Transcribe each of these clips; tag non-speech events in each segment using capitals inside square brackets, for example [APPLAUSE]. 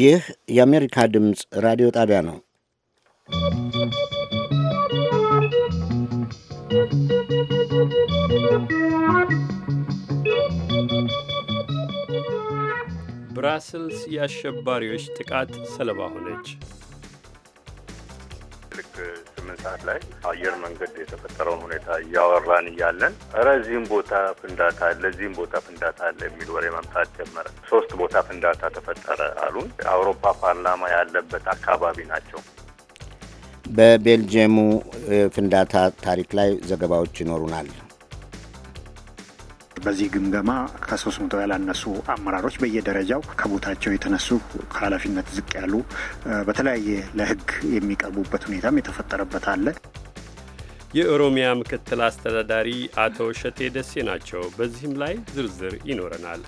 ይህ የአሜሪካ ድምፅ ራዲዮ ጣቢያ ነው። ብራስልስ የአሸባሪዎች ጥቃት ሰለባ ሆነች። ስምንት ሰዓት ላይ አየር መንገድ የተፈጠረውን ሁኔታ እያወራን እያለን ረዚህም ቦታ ፍንዳታ አለ፣ እዚህም ቦታ ፍንዳታ አለ የሚል ወሬ መምጣት ጀመረ። ሶስት ቦታ ፍንዳታ ተፈጠረ አሉን። አውሮፓ ፓርላማ ያለበት አካባቢ ናቸው። በቤልጅየሙ ፍንዳታ ታሪክ ላይ ዘገባዎች ይኖሩናል። በዚህ ግምገማ ከሶስት መቶ ያላነሱ አመራሮች በየደረጃው ከቦታቸው የተነሱ ከኃላፊነት ዝቅ ያሉ በተለያየ ለህግ የሚቀርቡበት ሁኔታም የተፈጠረበት አለ። የኦሮሚያ ምክትል አስተዳዳሪ አቶ ሸቴ ደሴ ናቸው። በዚህም ላይ ዝርዝር ይኖረናል።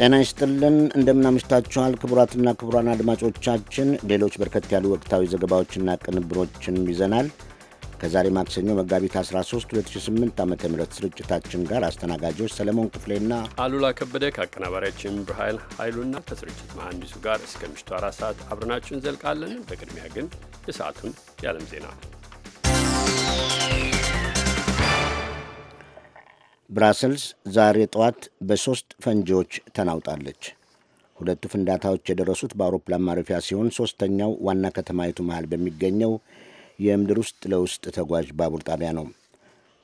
ጤና ይስጥልን፣ እንደምናምሽታችኋል ክቡራትና ክቡራን አድማጮቻችን። ሌሎች በርከት ያሉ ወቅታዊ ዘገባዎችና ቅንብሮችንም ይዘናል። ከዛሬ ማክሰኞ መጋቢት 13 2008 ዓ ም ስርጭታችን ጋር አስተናጋጆች ሰለሞን ክፍሌና አሉላ ከበደ ከአቀናባሪያችን ብርሃይል ኃይሉና ከስርጭት መሐንዲሱ ጋር እስከ ምሽቱ አራት ሰዓት አብረናችሁ እንዘልቃለን። በቅድሚያ ግን የሰዓቱን የዓለም ዜና ብራሰልስ ዛሬ ጠዋት በሦስት ፈንጂዎች ተናውጣለች። ሁለቱ ፍንዳታዎች የደረሱት በአውሮፕላን ማረፊያ ሲሆን ሦስተኛው ዋና ከተማይቱ መሃል በሚገኘው የምድር ውስጥ ለውስጥ ተጓዥ ባቡር ጣቢያ ነው።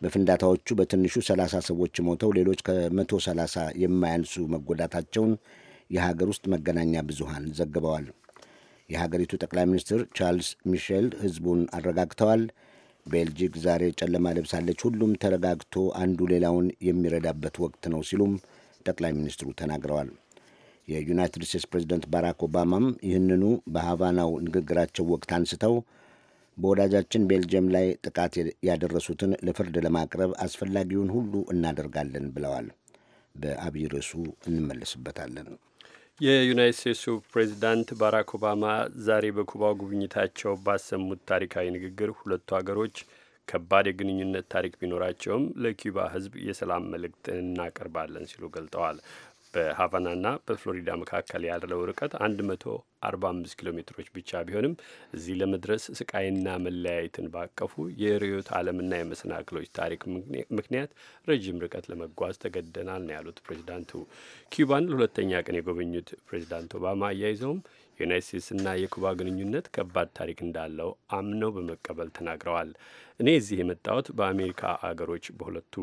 በፍንዳታዎቹ በትንሹ 30 ሰዎች ሞተው ሌሎች ከ130 የማያንሱ መጎዳታቸውን የሀገር ውስጥ መገናኛ ብዙሃን ዘግበዋል። የሀገሪቱ ጠቅላይ ሚኒስትር ቻርልስ ሚሼል ህዝቡን አረጋግተዋል። ቤልጂክ ዛሬ ጨለማ ለብሳለች፣ ሁሉም ተረጋግቶ አንዱ ሌላውን የሚረዳበት ወቅት ነው ሲሉም ጠቅላይ ሚኒስትሩ ተናግረዋል። የዩናይትድ ስቴትስ ፕሬዚደንት ባራክ ኦባማም ይህንኑ በሃቫናው ንግግራቸው ወቅት አንስተው በወዳጃችን ቤልጅየም ላይ ጥቃት ያደረሱትን ለፍርድ ለማቅረብ አስፈላጊውን ሁሉ እናደርጋለን ብለዋል። በአብይ ርዕሱ እንመለስበታለን። የዩናይት ስቴትሱ ፕሬዚዳንት ባራክ ኦባማ ዛሬ በኩባ ጉብኝታቸው ባሰሙት ታሪካዊ ንግግር ሁለቱ ሀገሮች ከባድ የግንኙነት ታሪክ ቢኖራቸውም ለኪባ ሕዝብ የሰላም መልእክት እናቀርባለን ሲሉ ገልጠዋል። በሀቫናና በፍሎሪዳ መካከል ያለው ርቀት 145 ኪሎ ሜትሮች ብቻ ቢሆንም እዚህ ለመድረስ ስቃይና መለያየትን ባቀፉ የርዕዮተ ዓለምና የመሰናክሎች ታሪክ ምክንያት ረዥም ርቀት ለመጓዝ ተገደናል ነው ያሉት ፕሬዚዳንቱ። ኪዩባን ለሁለተኛ ቀን የጎበኙት ፕሬዚዳንት ኦባማ አያይዘውም የዩናይት ስቴትስና የኩባ ግንኙነት ከባድ ታሪክ እንዳለው አምነው በመቀበል ተናግረዋል። እኔ እዚህ የመጣሁት በአሜሪካ አገሮች በሁለቱ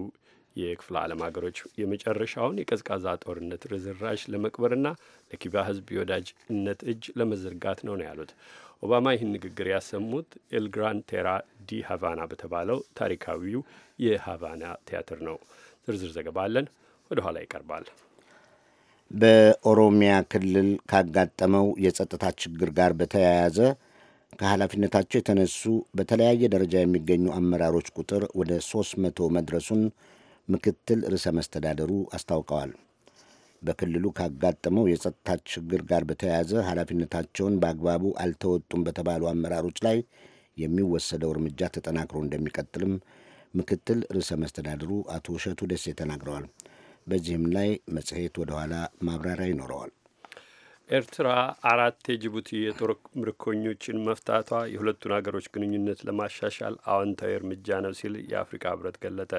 የክፍለ ዓለም ሀገሮች የመጨረሻውን የቀዝቃዛ ጦርነት ርዝራሽ ለመቅበርና ለኪባ ህዝብ የወዳጅነት እጅ ለመዘርጋት ነው ነው ያሉት። ኦባማ ይህን ንግግር ያሰሙት ኤልግራን ቴራ ዲ ሃቫና በተባለው ታሪካዊው የሃቫና ቲያትር ነው። ዝርዝር ዘገባ አለን፣ ወደ ኋላ ይቀርባል። በኦሮሚያ ክልል ካጋጠመው የጸጥታ ችግር ጋር በተያያዘ ከኃላፊነታቸው የተነሱ በተለያየ ደረጃ የሚገኙ አመራሮች ቁጥር ወደ ሦስት መቶ መድረሱን ምክትል ርዕሰ መስተዳደሩ አስታውቀዋል። በክልሉ ካጋጠመው የጸጥታ ችግር ጋር በተያያዘ ኃላፊነታቸውን በአግባቡ አልተወጡም በተባሉ አመራሮች ላይ የሚወሰደው እርምጃ ተጠናክሮ እንደሚቀጥልም ምክትል ርዕሰ መስተዳድሩ አቶ እሸቱ ደሴ ተናግረዋል። በዚህም ላይ መጽሔት ወደኋላ ማብራሪያ ይኖረዋል። ኤርትራ አራት የጅቡቲ የጦር ምርኮኞችን መፍታቷ የሁለቱን ሀገሮች ግንኙነት ለማሻሻል አዎንታዊ እርምጃ ነው ሲል የአፍሪካ ህብረት ገለጠ።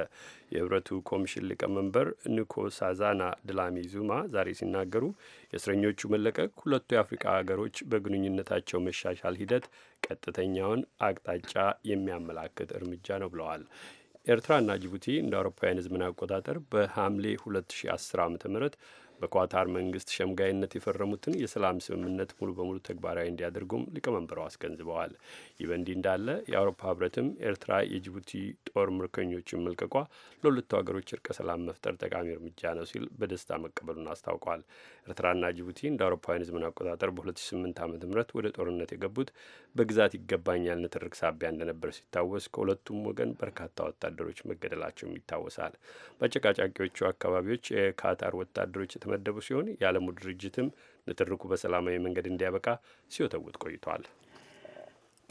የህብረቱ ኮሚሽን ሊቀመንበር ንኮ ሳዛና ድላሚ ዙማ ዛሬ ሲናገሩ የእስረኞቹ መለቀቅ ሁለቱ የአፍሪካ ሀገሮች በግንኙነታቸው መሻሻል ሂደት ቀጥተኛውን አቅጣጫ የሚያመላክት እርምጃ ነው ብለዋል። ኤርትራና ጅቡቲ እንደ አውሮፓውያን ህዝብን አቆጣጠር በሐምሌ 2010 ዓ ም በኳታር መንግስት ሸምጋይነት የፈረሙትን የሰላም ስምምነት ሙሉ በሙሉ ተግባራዊ እንዲያደርጉም ሊቀመንበሩ አስገንዝበዋል። ይህ በእንዲህ እንዳለ የአውሮፓ ህብረትም ኤርትራ የጅቡቲ ጦር ምርኮኞችን መልቀቋ ለሁለቱ ሀገሮች እርቀ ሰላም መፍጠር ጠቃሚ እርምጃ ነው ሲል በደስታ መቀበሉን አስታውቋል። ኤርትራና ጅቡቲ እንደ አውሮፓውያን ዘመን አቆጣጠር በ2008 ዓ ም ወደ ጦርነት የገቡት በግዛት ይገባኛል ንትርክ ሳቢያ እንደነበር ሲታወስ ከሁለቱም ወገን በርካታ ወታደሮች መገደላቸውም ይታወሳል። በአጨቃጫቂዎቹ አካባቢዎች የካታር ወታደሮች የተመደቡ ሲሆን የዓለሙ ድርጅትም ንትርኩ በሰላማዊ መንገድ እንዲያበቃ ሲወተውት ቆይቷል።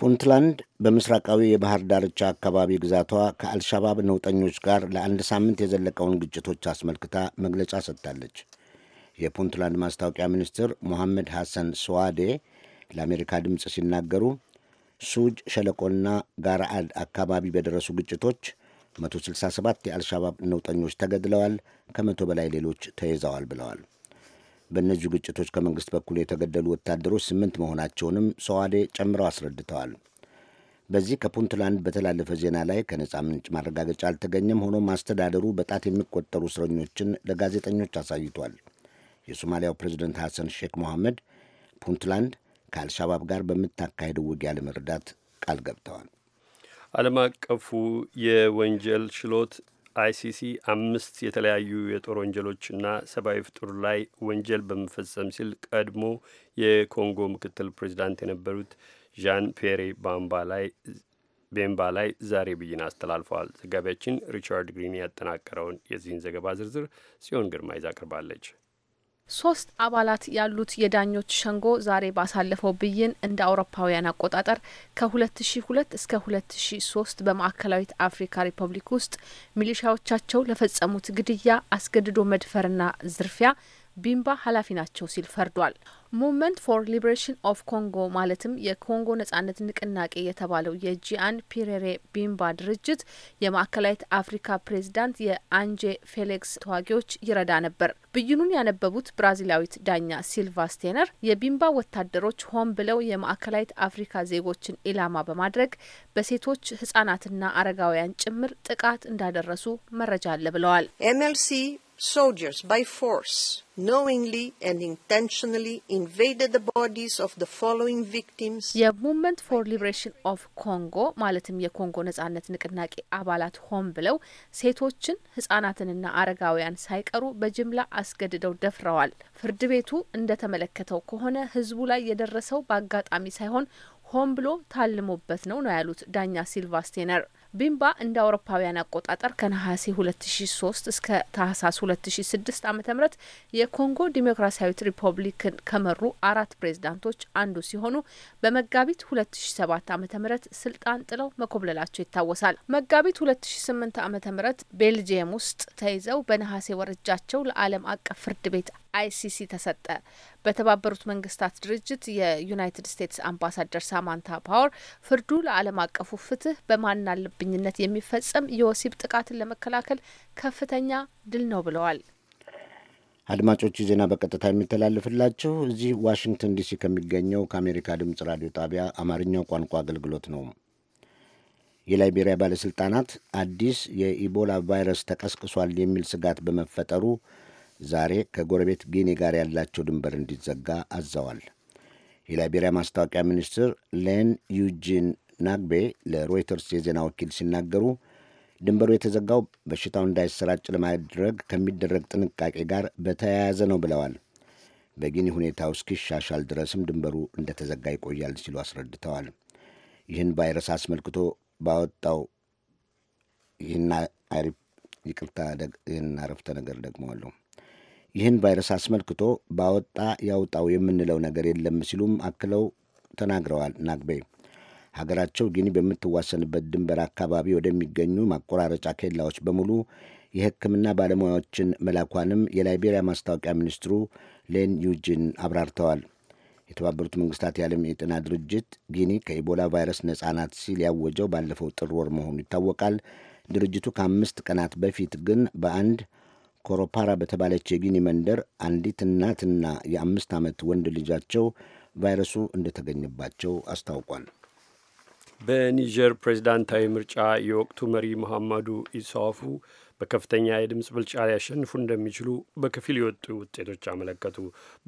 ፑንትላንድ በምስራቃዊ የባህር ዳርቻ አካባቢ ግዛቷ ከአልሻባብ ነውጠኞች ጋር ለአንድ ሳምንት የዘለቀውን ግጭቶች አስመልክታ መግለጫ ሰጥታለች። የፑንትላንድ ማስታወቂያ ሚኒስትር ሞሐመድ ሐሰን ስዋዴ ለአሜሪካ ድምፅ ሲናገሩ ሱጅ ሸለቆና ጋራአድ አካባቢ በደረሱ ግጭቶች 167 የአልሻባብ ነውጠኞች ተገድለዋል፣ ከመቶ በላይ ሌሎች ተይዘዋል ብለዋል። በእነዚሁ ግጭቶች ከመንግስት በኩል የተገደሉ ወታደሮች ስምንት መሆናቸውንም ሰዋዴ ጨምረው አስረድተዋል። በዚህ ከፑንትላንድ በተላለፈ ዜና ላይ ከነጻ ምንጭ ማረጋገጫ አልተገኘም። ሆኖም አስተዳደሩ በጣት የሚቆጠሩ እስረኞችን ለጋዜጠኞች አሳይቷል። የሶማሊያው ፕሬዚደንት ሐሰን ሼክ ሞሐመድ ፑንትላንድ ከአልሻባብ ጋር በምታካሄደው ውጊያ ለመርዳት ቃል ገብተዋል። ዓለም አቀፉ የወንጀል ችሎት አይሲሲ አምስት የተለያዩ የጦር ወንጀሎችና ሰብአዊ ፍጡር ላይ ወንጀል በመፈጸም ሲል ቀድሞ የኮንጎ ምክትል ፕሬዚዳንት የነበሩት ዣን ፔሬ ባምባ ላይ ቤምባ ላይ ዛሬ ብይን አስተላልፈዋል። ዘጋቢያችን ሪቻርድ ግሪን ያጠናቀረውን የዚህን ዘገባ ዝርዝር ጽዮን ግርማ ይዛ ቀርባለች። ሶስት አባላት ያሉት የዳኞች ሸንጎ ዛሬ ባሳለፈው ብይን እንደ አውሮፓውያን አቆጣጠር ከ2002 እስከ 2003 በማዕከላዊት አፍሪካ ሪፐብሊክ ውስጥ ሚሊሻዎቻቸው ለፈጸሙት ግድያ፣ አስገድዶ መድፈርና ዝርፊያ ቢምባ ኃላፊ ናቸው ሲል ፈርዷል። ሙቭመንት ፎር ሊበሬሽን ኦፍ ኮንጎ ማለትም የኮንጎ ነጻነት ንቅናቄ የተባለው የጂአን ፒሬሬ ቢምባ ድርጅት የማዕከላዊት አፍሪካ ፕሬዚዳንት የአንጄ ፌሌክስ ተዋጊዎች ይረዳ ነበር። ብይኑን ያነበቡት ብራዚላዊት ዳኛ ሲልቫ ስቴነር የቢምባ ወታደሮች ሆን ብለው የማዕከላዊት አፍሪካ ዜጎችን ኢላማ በማድረግ በሴቶች ህጻናትና አረጋውያን ጭምር ጥቃት እንዳደረሱ መረጃ አለ ብለዋል። ኤምኤልሲ soldiers by force knowingly and intentionally invaded the bodies of the following victims የሙቭመንት ፎር ሊብሬሽን ኦፍ ኮንጎ ማለትም የኮንጎ ነጻነት ንቅናቄ አባላት ሆን ብለው ሴቶችን ህጻናትንና አረጋውያን ሳይቀሩ በጅምላ አስገድደው ደፍረዋል። ፍርድ ቤቱ እንደተመለከተው ከሆነ ህዝቡ ላይ የደረሰው በአጋጣሚ ሳይሆን ሆን ብሎ ታልሞበት ነው ነው ያሉት ዳኛ ሲልቫ ስቴነር ቢምባ እንደ አውሮፓውያን አቆጣጠር ከነሐሴ 2003 እስከ ታህሳስ 2006 ዓ ም የኮንጎ ዲሞክራሲያዊት ሪፐብሊክን ከመሩ አራት ፕሬዝዳንቶች አንዱ ሲሆኑ በመጋቢት 2007 ዓ ም ስልጣን ጥለው መኮብለላቸው ይታወሳል። መጋቢት 2008 ዓ ም ቤልጅየም ውስጥ ተይዘው በነሐሴ ወረጃቸው ለአለም ለዓለም አቀፍ ፍርድ ቤት አይሲሲ ተሰጠ። በተባበሩት መንግስታት ድርጅት የዩናይትድ ስቴትስ አምባሳደር ሳማንታ ፓወር ፍርዱ ለዓለም አቀፉ ፍትህ በማናለበት በዘረኝነት የሚፈጸም የወሲብ ጥቃትን ለመከላከል ከፍተኛ ድል ነው ብለዋል። አድማጮቹ ዜና በቀጥታ የሚተላልፍላችሁ እዚህ ዋሽንግተን ዲሲ ከሚገኘው ከአሜሪካ ድምፅ ራዲዮ ጣቢያ አማርኛው ቋንቋ አገልግሎት ነው። የላይቤሪያ ባለሥልጣናት አዲስ የኢቦላ ቫይረስ ተቀስቅሷል የሚል ስጋት በመፈጠሩ ዛሬ ከጎረቤት ጊኔ ጋር ያላቸው ድንበር እንዲዘጋ አዘዋል። የላይቤሪያ ማስታወቂያ ሚኒስትር ሌን ዩጂን ናግቤ ለሮይተርስ የዜና ወኪል ሲናገሩ ድንበሩ የተዘጋው በሽታው እንዳይሰራጭ ለማድረግ ከሚደረግ ጥንቃቄ ጋር በተያያዘ ነው ብለዋል። በጊኒ ሁኔታው እስኪሻሻል ድረስም ድንበሩ እንደተዘጋ ይቆያል ሲሉ አስረድተዋል። ይህን ቫይረስ አስመልክቶ ባወጣው ይህን ይቅርታ፣ ይህን አረፍተ ነገር ደግመዋለሁ። ይህን ቫይረስ አስመልክቶ ባወጣ ያውጣው የምንለው ነገር የለም ሲሉም አክለው ተናግረዋል ናግቤ ሀገራቸው ጊኒ በምትዋሰንበት ድንበር አካባቢ ወደሚገኙ ማቆራረጫ ኬላዎች በሙሉ የሕክምና ባለሙያዎችን መላኳንም የላይቤሪያ ማስታወቂያ ሚኒስትሩ ሌን ዩጂን አብራርተዋል። የተባበሩት መንግስታት የዓለም የጤና ድርጅት ጊኒ ከኢቦላ ቫይረስ ነጻ ናት ሲል ያወጀው ባለፈው ጥር ወር መሆኑ ይታወቃል። ድርጅቱ ከአምስት ቀናት በፊት ግን በአንድ ኮሮፓራ በተባለች የጊኒ መንደር አንዲት እናትና የአምስት ዓመት ወንድ ልጃቸው ቫይረሱ እንደተገኘባቸው አስታውቋል። በኒጀር ፕሬዚዳንታዊ ምርጫ የወቅቱ መሪ መሐመዱ ኢሳፉ በከፍተኛ የድምፅ ብልጫ ሊያሸንፉ እንደሚችሉ በከፊል የወጡ ውጤቶች አመለከቱ።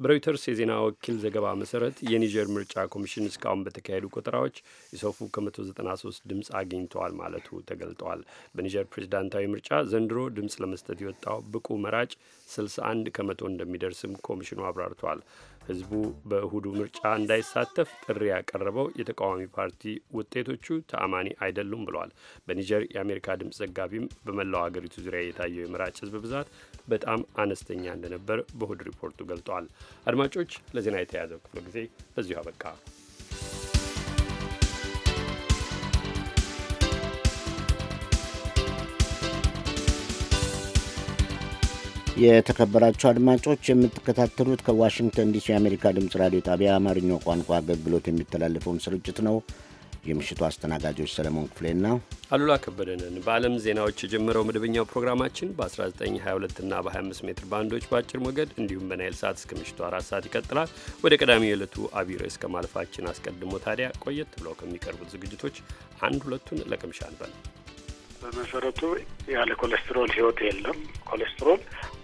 በሮይተርስ የዜና ወኪል ዘገባ መሰረት የኒጀር ምርጫ ኮሚሽን እስካሁን በተካሄዱ ቆጠራዎች ኢሶፉ ከ193 ድምፅ አግኝተዋል ማለቱ ተገልጠዋል። በኒጀር ፕሬዚዳንታዊ ምርጫ ዘንድሮ ድምፅ ለመስጠት የወጣው ብቁ መራጭ 61 ከመቶ እንደሚደርስም ኮሚሽኑ አብራርቷል። ህዝቡ በእሁዱ ምርጫ እንዳይሳተፍ ጥሪ ያቀረበው የተቃዋሚ ፓርቲ ውጤቶቹ ተአማኒ አይደሉም ብለዋል። በኒጀር የአሜሪካ ድምፅ ዘጋቢም በመላው አገሪቱ ዙሪያ የታየው የመራጭ ህዝብ ብዛት በጣም አነስተኛ እንደነበር በእሁድ ሪፖርቱ ገልጧል። አድማጮች፣ ለዜና የተያዘው ክፍለ ጊዜ በዚሁ አበቃ። የተከበራቸው አድማጮች የምትከታተሉት ከዋሽንግተን ዲሲ የአሜሪካ ድምፅ ራዲዮ ጣቢያ አማርኛው ቋንቋ አገልግሎት የሚተላለፈውን ስርጭት ነው። የምሽቱ አስተናጋጆች ሰለሞን ክፍሌና አሉላ ከበደንን በዓለም ዜናዎች የጀመረው መደበኛው ፕሮግራማችን በ1922 እና በ25 ሜትር ባንዶች በአጭር ሞገድ እንዲሁም በናይል ሰዓት እስከ ምሽቱ አራት ሰዓት ይቀጥላል። ወደ ቀዳሚ የዕለቱ አቢይ ርዕስ ከማለፋችን አስቀድሞ ታዲያ ቆየት ብለው ከሚቀርቡት ዝግጅቶች አንድ ሁለቱን ለቅምሻ እንበል። በመሰረቱ ያለ ኮሌስትሮል ህይወት የለም። ኮሌስትሮል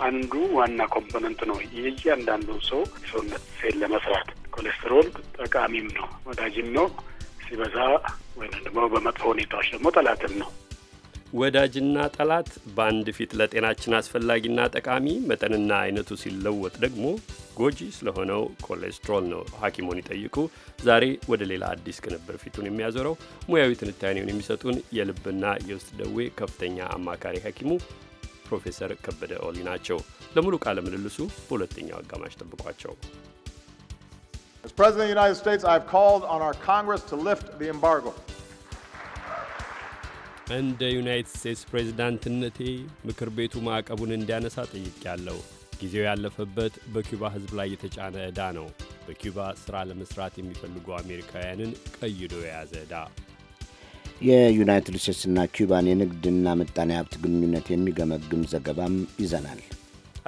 አንዱ ዋና ኮምፖነንት ነው የእያንዳንዱ ሰው ሰውነት ሴል ለመስራት። ኮሌስትሮል ጠቃሚም ነው፣ ወዳጅም ነው። ሲበዛ ወይም ደግሞ በመጥፎ ሁኔታዎች ደግሞ ጠላትም ነው። ወዳጅና ጠላት በአንድ ፊት ለጤናችን አስፈላጊና ጠቃሚ መጠንና አይነቱ ሲለወጥ ደግሞ ጎጂ ስለሆነው ኮሌስትሮል ነው ሐኪሙን ይጠይቁ ዛሬ ወደ ሌላ አዲስ ቅንብር ፊቱን የሚያዞረው ሙያዊ ትንታኔውን የሚሰጡን የልብና የውስጥ ደዌ ከፍተኛ አማካሪ ሐኪሙ ፕሮፌሰር ከበደ ኦሊ ናቸው። ለሙሉ ቃለ ምልልሱ በሁለተኛው አጋማሽ ጠብቋቸው። As President of the United States, I've called on our Congress to lift the embargo. እንደ ዩናይትድ ስቴትስ ፕሬዝዳንትነቴ ምክር ቤቱ ማዕቀቡን እንዲያነሳ ጠይቄያለሁ። ጊዜው ያለፈበት በኪባ ሕዝብ ላይ የተጫነ ዕዳ ነው። በኪዩባ ሥራ ለመሥራት የሚፈልጉ አሜሪካውያንን ቀይዶ የያዘ ዕዳ። የዩናይትድ ስቴትስና ኪውባን የንግድና ምጣኔ ሀብት ግንኙነት የሚገመግም ዘገባም ይዘናል።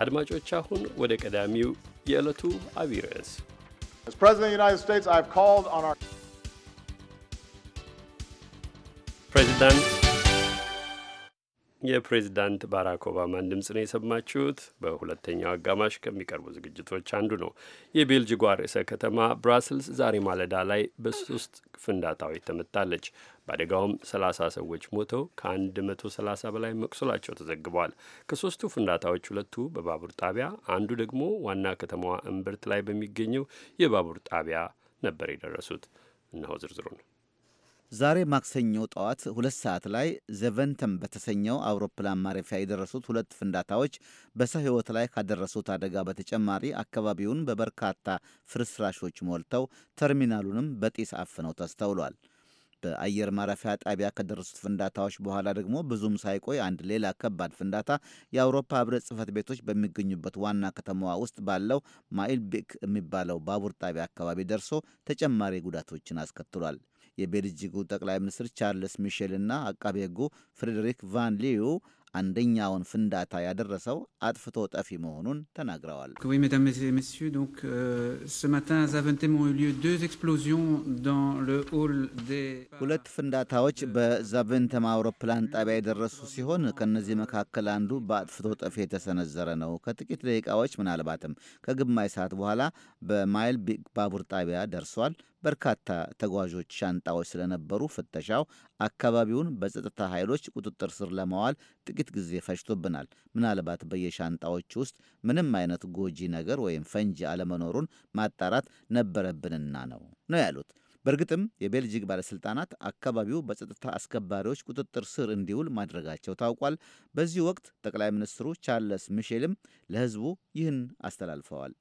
አድማጮች፣ አሁን ወደ ቀዳሚው የዕለቱ አብይ ርዕስ ፕሬዚዳንት የፕሬዚዳንት ባራክ ኦባማን ድምፅ ነው የሰማችሁት። በሁለተኛው አጋማሽ ከሚቀርቡ ዝግጅቶች አንዱ ነው። የቤልጅጓ ርዕሰ ከተማ ብራስልስ ዛሬ ማለዳ ላይ በሶስት ፍንዳታዎች ተመታለች። በአደጋውም 30 ሰዎች ሞተው ከ130 በላይ መቁሰላቸው ተዘግበዋል። ከሶስቱ ፍንዳታዎች ሁለቱ በባቡር ጣቢያ፣ አንዱ ደግሞ ዋና ከተማዋ እምብርት ላይ በሚገኘው የባቡር ጣቢያ ነበር የደረሱት። እነሆ ዝርዝሩ ነው። ዛሬ ማክሰኞ ጠዋት ሁለት ሰዓት ላይ ዘቨንተም በተሰኘው አውሮፕላን ማረፊያ የደረሱት ሁለት ፍንዳታዎች በሰው ሕይወት ላይ ካደረሱት አደጋ በተጨማሪ አካባቢውን በበርካታ ፍርስራሾች ሞልተው ተርሚናሉንም በጢስ አፍነው ተስተውሏል። በአየር ማረፊያ ጣቢያ ከደረሱት ፍንዳታዎች በኋላ ደግሞ ብዙም ሳይቆይ አንድ ሌላ ከባድ ፍንዳታ የአውሮፓ ሕብረት ጽሕፈት ቤቶች በሚገኙበት ዋና ከተማዋ ውስጥ ባለው ቢክ የሚባለው ባቡር ጣቢያ አካባቢ ደርሶ ተጨማሪ ጉዳቶችን አስከትሏል። የቤልጂጉ ጠቅላይ ሚኒስትር ቻርልስ ሚሼል እና አቃቤ ሕጉ ፍሬዴሪክ ቫን ሊዩ አንደኛውን ፍንዳታ ያደረሰው አጥፍቶ ጠፊ መሆኑን ተናግረዋል። euh, ሁለት ፍንዳታዎች በዛቬንተም አውሮፕላን ጣቢያ የደረሱ ሲሆን ከእነዚህ መካከል አንዱ በአጥፍቶ ጠፊ የተሰነዘረ ነው። ከጥቂት ደቂቃዎች ምናልባትም ከግማሽ ሰዓት በኋላ በማይል ቢግ ባቡር ጣቢያ ደርሷል። በርካታ ተጓዦች ሻንጣዎች ስለነበሩ ፍተሻው አካባቢውን በጸጥታ ኃይሎች ቁጥጥር ስር ለማዋል ጥቂት ጊዜ ፈጅቶብናል። ምናልባት በየሻንጣዎች ውስጥ ምንም አይነት ጎጂ ነገር ወይም ፈንጂ አለመኖሩን ማጣራት ነበረብንና ነው ነው ያሉት። በእርግጥም የቤልጂክ ባለሥልጣናት አካባቢው በጸጥታ አስከባሪዎች ቁጥጥር ስር እንዲውል ማድረጋቸው ታውቋል። በዚህ ወቅት ጠቅላይ ሚኒስትሩ ቻርለስ ሚሼልም ለሕዝቡ ይህን አስተላልፈዋል።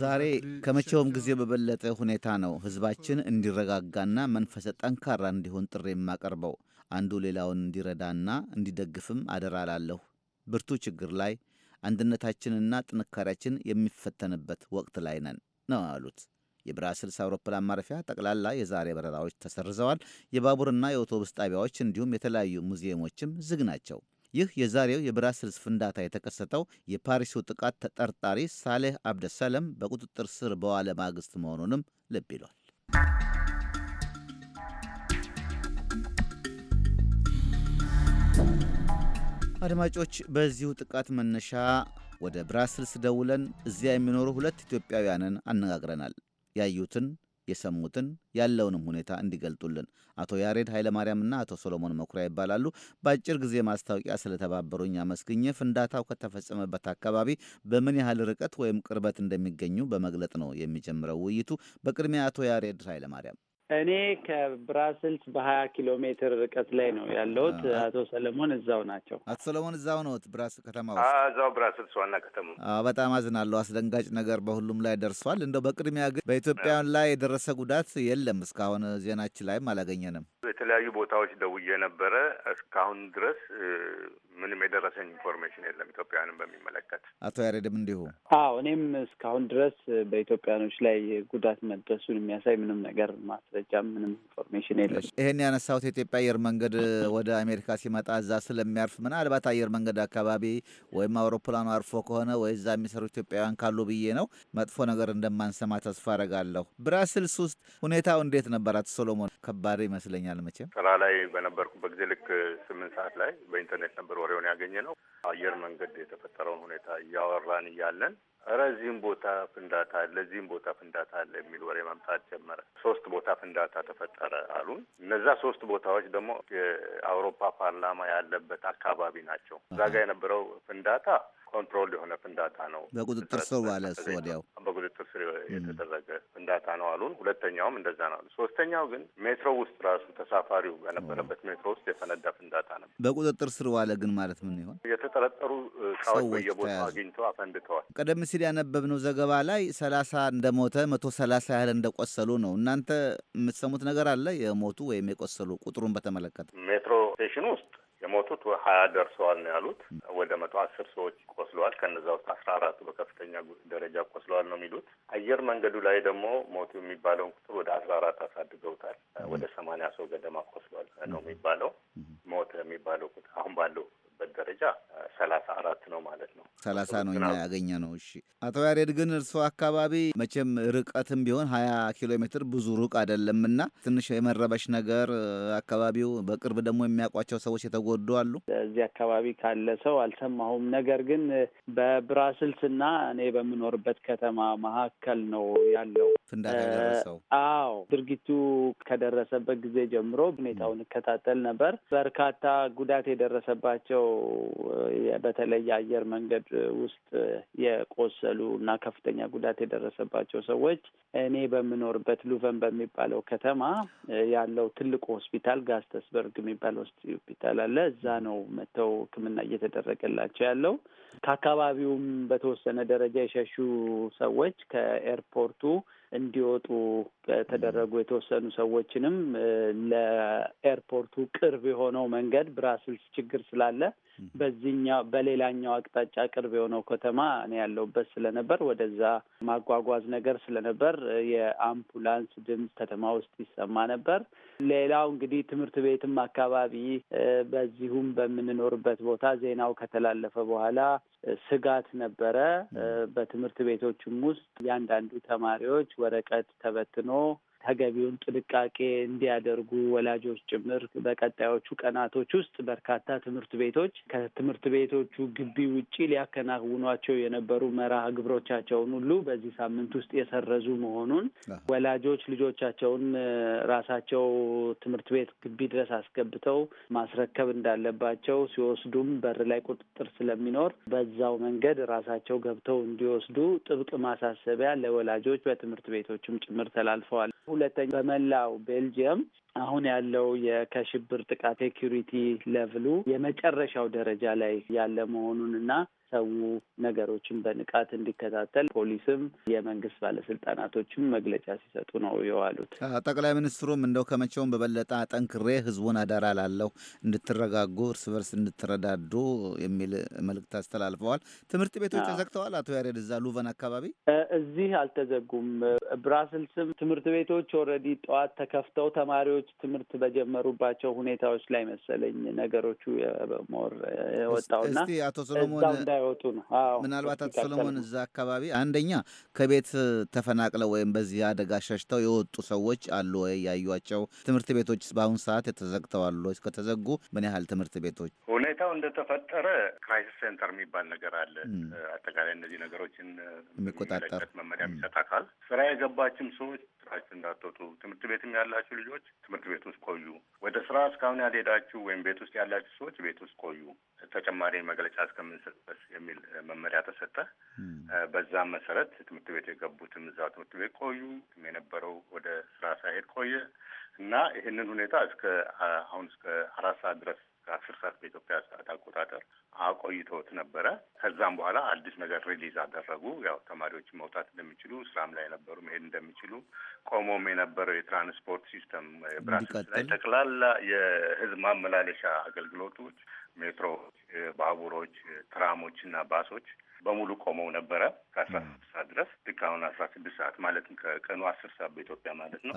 ዛሬ ከመቼውም ጊዜ በበለጠ ሁኔታ ነው ህዝባችን እንዲረጋጋና መንፈሰ ጠንካራ እንዲሆን ጥሪ የማቀርበው። አንዱ ሌላውን እንዲረዳና እንዲደግፍም አደራ ላለሁ። ብርቱ ችግር ላይ አንድነታችንና ጥንካሬያችን የሚፈተንበት ወቅት ላይ ነን ነው ያሉት። የብራስልስ አውሮፕላን ማረፊያ ጠቅላላ የዛሬ በረራዎች ተሰርዘዋል። የባቡርና የአውቶቡስ ጣቢያዎች እንዲሁም የተለያዩ ሙዚየሞችም ዝግ ናቸው። ይህ የዛሬው የብራስልስ ፍንዳታ የተከሰተው የፓሪሱ ጥቃት ተጠርጣሪ ሳሌህ አብደሰለም በቁጥጥር ስር በዋለ ማግስት መሆኑንም ልብ ይሏል። አድማጮች፣ በዚሁ ጥቃት መነሻ ወደ ብራስልስ ደውለን እዚያ የሚኖሩ ሁለት ኢትዮጵያውያንን አነጋግረናል። ያዩትን የሰሙትን ያለውንም ሁኔታ እንዲገልጡልን። አቶ ያሬድ ኃይለማርያምና አቶ ሶሎሞን መኩሪያ ይባላሉ። በአጭር ጊዜ ማስታወቂያ ስለተባበሩኝ አመስግኘ ፍንዳታው ከተፈጸመበት አካባቢ በምን ያህል ርቀት ወይም ቅርበት እንደሚገኙ በመግለጥ ነው የሚጀምረው ውይይቱ። በቅድሚያ አቶ ያሬድ ኃይለማርያም እኔ ከብራስልስ በሀያ ኪሎ ሜትር ርቀት ላይ ነው ያለሁት። አቶ ሰለሞን እዛው ናቸው። አቶ ሰለሞን እዛው ነዎት? ብራስ ከተማ ውስጥ እዛው ብራስልስ ዋና ከተማ። በጣም አዝናለሁ። አስደንጋጭ ነገር በሁሉም ላይ ደርሷል። እንደው በቅድሚያ ግን በኢትዮጵያውያን ላይ የደረሰ ጉዳት የለም እስካሁን ዜናችን ላይም አላገኘንም። የተለያዩ ቦታዎች ደውዬ ነበረ። እስካሁን ድረስ ምንም የደረሰኝ ኢንፎርሜሽን የለም ኢትዮጵያውያንም በሚመለከት። አቶ ያሬድም እንዲሁ። አዎ እኔም እስካሁን ድረስ በኢትዮጵያኖች ላይ ጉዳት መድረሱን የሚያሳይ ምንም ነገር ማስረጃ፣ ምንም ኢንፎርሜሽን የለም። ይህን ያነሳሁት የኢትዮጵያ አየር መንገድ ወደ አሜሪካ ሲመጣ እዛ ስለሚያርፍ ምናልባት አየር መንገድ አካባቢ ወይም አውሮፕላኑ አርፎ ከሆነ ወይ እዛ የሚሰሩ ኢትዮጵያውያን ካሉ ብዬ ነው። መጥፎ ነገር እንደማንሰማ ተስፋ አረጋለሁ። ብራስልስ ውስጥ ሁኔታው እንዴት ነበር? አቶ ሶሎሞን ከባድ ይመስለኛል መቼም። ስራ ላይ በነበርኩበት ጊዜ ልክ ስምንት ሰዓት ላይ በኢንተርኔት ነበር ወሬውን ያገኘ ነው። አየር መንገድ የተፈጠረውን ሁኔታ እያወራን እያለን እረ እዚህም ቦታ ፍንዳታ አለ፣ እዚህም ቦታ ፍንዳታ አለ የሚል ወሬ መምጣት ጀመረ። ሶስት ቦታ ፍንዳታ ተፈጠረ አሉን። እነዛ ሶስት ቦታዎች ደግሞ የአውሮፓ ፓርላማ ያለበት አካባቢ ናቸው። እዛ ጋር የነበረው ፍንዳታ ኮንትሮል የሆነ ፍንዳታ ነው። በቁጥጥር ስር ባለ ወዲያው በቁጥጥር ስር የተደረገ ፍንዳታ ነው አሉን። ሁለተኛውም እንደዛ ነው ሶስተኛው ግን ሜትሮ ውስጥ ራሱ ተሳፋሪው በነበረበት ሜትሮ ውስጥ የፈነዳ ፍንዳታ ነበር። በቁጥጥር ስር ዋለ ግን ማለት ምን ይሆን? የተጠረጠሩ ሰዎች በየቦታው አግኝቶ አፈንድተዋል። ቀደም ሲል ያነበብነው ዘገባ ላይ ሰላሳ እንደሞተ መቶ ሰላሳ ያህል እንደቆሰሉ ነው። እናንተ የምትሰሙት ነገር አለ የሞቱ ወይም የቆሰሉ ቁጥሩን በተመለከተ ሜትሮ ስቴሽን ውስጥ የሞቱት ሀያ ደርሰዋል ነው ያሉት። ወደ መቶ አስር ሰዎች ቆስለዋል። ከነዛ ውስጥ አስራ አራቱ በከፍተኛ ደረጃ ቆስለዋል ነው የሚሉት። አየር መንገዱ ላይ ደግሞ ሞቱ የሚባለውን ቁጥር ወደ አስራ አራት አሳድገውታል። ወደ ሰማንያ ሰው ገደማ ቆስሏል ነው የሚባለው። ሞት የሚባለው ቁጥር አሁን ባለው በሚደርስበት ደረጃ ሰላሳ አራት ነው ማለት ነው። ሰላሳ ነው እኛ ያገኘ ነው። እሺ አቶ ያሬድ ግን እርስዎ አካባቢ መቼም ርቀትም ቢሆን ሀያ ኪሎ ሜትር ብዙ ሩቅ አይደለም እና ትንሽ የመረበሽ ነገር አካባቢው በቅርብ ደግሞ የሚያውቋቸው ሰዎች የተጎዱ አሉ። እዚህ አካባቢ ካለ ሰው አልሰማሁም። ነገር ግን በብራስልስ እና እኔ በምኖርበት ከተማ መካከል ነው ያለው ፍንዳታ አዎ ድርጊቱ ከደረሰበት ጊዜ ጀምሮ ሁኔታውን እከታተል ነበር። በርካታ ጉዳት የደረሰባቸው ያለው በተለይ አየር መንገድ ውስጥ የቆሰሉ እና ከፍተኛ ጉዳት የደረሰባቸው ሰዎች እኔ በምኖርበት ሉቨን በሚባለው ከተማ ያለው ትልቁ ሆስፒታል ጋስተስበርግ የሚባል ሆስፒታል አለ። እዛ ነው መጥተው ሕክምና እየተደረገላቸው ያለው። ከአካባቢውም በተወሰነ ደረጃ የሸሹ ሰዎች ከኤርፖርቱ እንዲወጡ ተደረጉ የተወሰኑ ሰዎችንም ለኤርፖርቱ ቅርብ የሆነው መንገድ ብራስልስ ችግር ስላለ በዚህኛው በሌላኛው አቅጣጫ ቅርብ የሆነው ከተማ እኔ ያለሁበት ስለነበር ወደዛ ማጓጓዝ ነገር ስለነበር የአምቡላንስ ድምፅ ከተማ ውስጥ ይሰማ ነበር። ሌላው እንግዲህ ትምህርት ቤትም አካባቢ በዚሁም በምንኖርበት ቦታ ዜናው ከተላለፈ በኋላ ስጋት ነበረ። በትምህርት ቤቶችም ውስጥ እያንዳንዱ ተማሪዎች ወረቀት ተበትኖ ተገቢውን ጥንቃቄ እንዲያደርጉ ወላጆች ጭምር በቀጣዮቹ ቀናቶች ውስጥ በርካታ ትምህርት ቤቶች ከትምህርት ቤቶቹ ግቢ ውጪ ሊያከናውኗቸው የነበሩ መርሃ ግብሮቻቸውን ሁሉ በዚህ ሳምንት ውስጥ የሰረዙ መሆኑን ወላጆች ልጆቻቸውን ራሳቸው ትምህርት ቤት ግቢ ድረስ አስገብተው ማስረከብ እንዳለባቸው ሲወስዱም በር ላይ ቁጥጥር ስለሚኖር በዛው መንገድ ራሳቸው ገብተው እንዲወስዱ ጥብቅ ማሳሰቢያ ለወላጆች በትምህርት ቤቶችም ጭምር ተላልፈዋል። ሁለተኛ በመላው ቤልጅየም አሁን ያለው ከሽብር ጥቃት ሴኪሪቲ ሌቭሉ የመጨረሻው ደረጃ ላይ ያለ መሆኑን እና ሰው ነገሮችን በንቃት እንዲከታተል ፖሊስም የመንግስት ባለስልጣናቶችም መግለጫ ሲሰጡ ነው የዋሉት። ጠቅላይ ሚኒስትሩም እንደው ከመቼውም በበለጠ አጠንክሬ ህዝቡን አደራ ላለሁ እንድትረጋጉ፣ እርስ በርስ እንድትረዳዱ የሚል መልእክት አስተላልፈዋል። ትምህርት ቤቶች ተዘግተዋል። አቶ ያሬድ እዛ ሉቨን አካባቢ እዚህ አልተዘጉም። ብራስልስም ትምህርት ቤቶች ኦልሬዲ ጠዋት ተከፍተው ተማሪዎች ትምህርት በጀመሩባቸው ሁኔታዎች ላይ መሰለኝ ነገሮቹ ሞር የወጣውና አቶ ሰሎሞን እንዳይወጡ ነው። ምናልባት አቶ ሰለሞን እዛ አካባቢ አንደኛ ከቤት ተፈናቅለው ወይም በዚህ አደጋ ሸሽተው የወጡ ሰዎች አሉ ወይ ያዩቸው? ትምህርት ቤቶች በአሁኑ ሰዓት ወይ? ከተዘጉ ምን ያህል ትምህርት ቤቶች? ሁኔታው እንደተፈጠረ ክራይሲስ ሴንተር የሚባል ነገር አለ። አጠቃላይ እነዚህ ነገሮችን የሚቆጣጠር መመሪያ የሚሰጥ አካል ስራ የገባችም ሰዎች ስራችሁ እንዳትወጡ፣ ትምህርት ቤትም ያላችሁ ልጆች ትምህርት ቤት ውስጥ ቆዩ፣ ወደ ስራ እስካሁን ያልሄዳችሁ ወይም ቤት ውስጥ ያላችሁ ሰዎች ቤት ውስጥ ቆዩ፣ ተጨማሪ መግለጫ እስከምንሰጥበት የሚል መመሪያ ተሰጠ። hmm. በዛም መሰረት ትምህርት ቤት የገቡትም እዛው ትምህርት ቤት ቆዩ። የነበረው ወደ ስራ ሳይሄድ ቆየ እና ይህንን ሁኔታ እስከ አሁን እስከ አራት ሰዓት ድረስ ከአስር ሰዓት በኢትዮጵያ ሰዓት አቆጣጠር አቆይተውት ነበረ። ከዛም በኋላ አዲስ ነገር ሪሊዝ አደረጉ። ያው ተማሪዎች መውጣት እንደሚችሉ ስራም ላይ የነበሩ መሄድ እንደሚችሉ፣ ቆሞም የነበረው የትራንስፖርት ሲስተም ብራስ ላይ ጠቅላላ የህዝብ ማመላለሻ አገልግሎቶች ሜትሮዎች፣ ባቡሮች፣ ትራሞች እና ባሶች በሙሉ ቆመው ነበረ ከአስራ ስድስት ሰዓት ድረስ ልክ አሁን አስራ ስድስት ሰዓት ማለትም ከቀኑ አስር ሰዓት በኢትዮጵያ ማለት ነው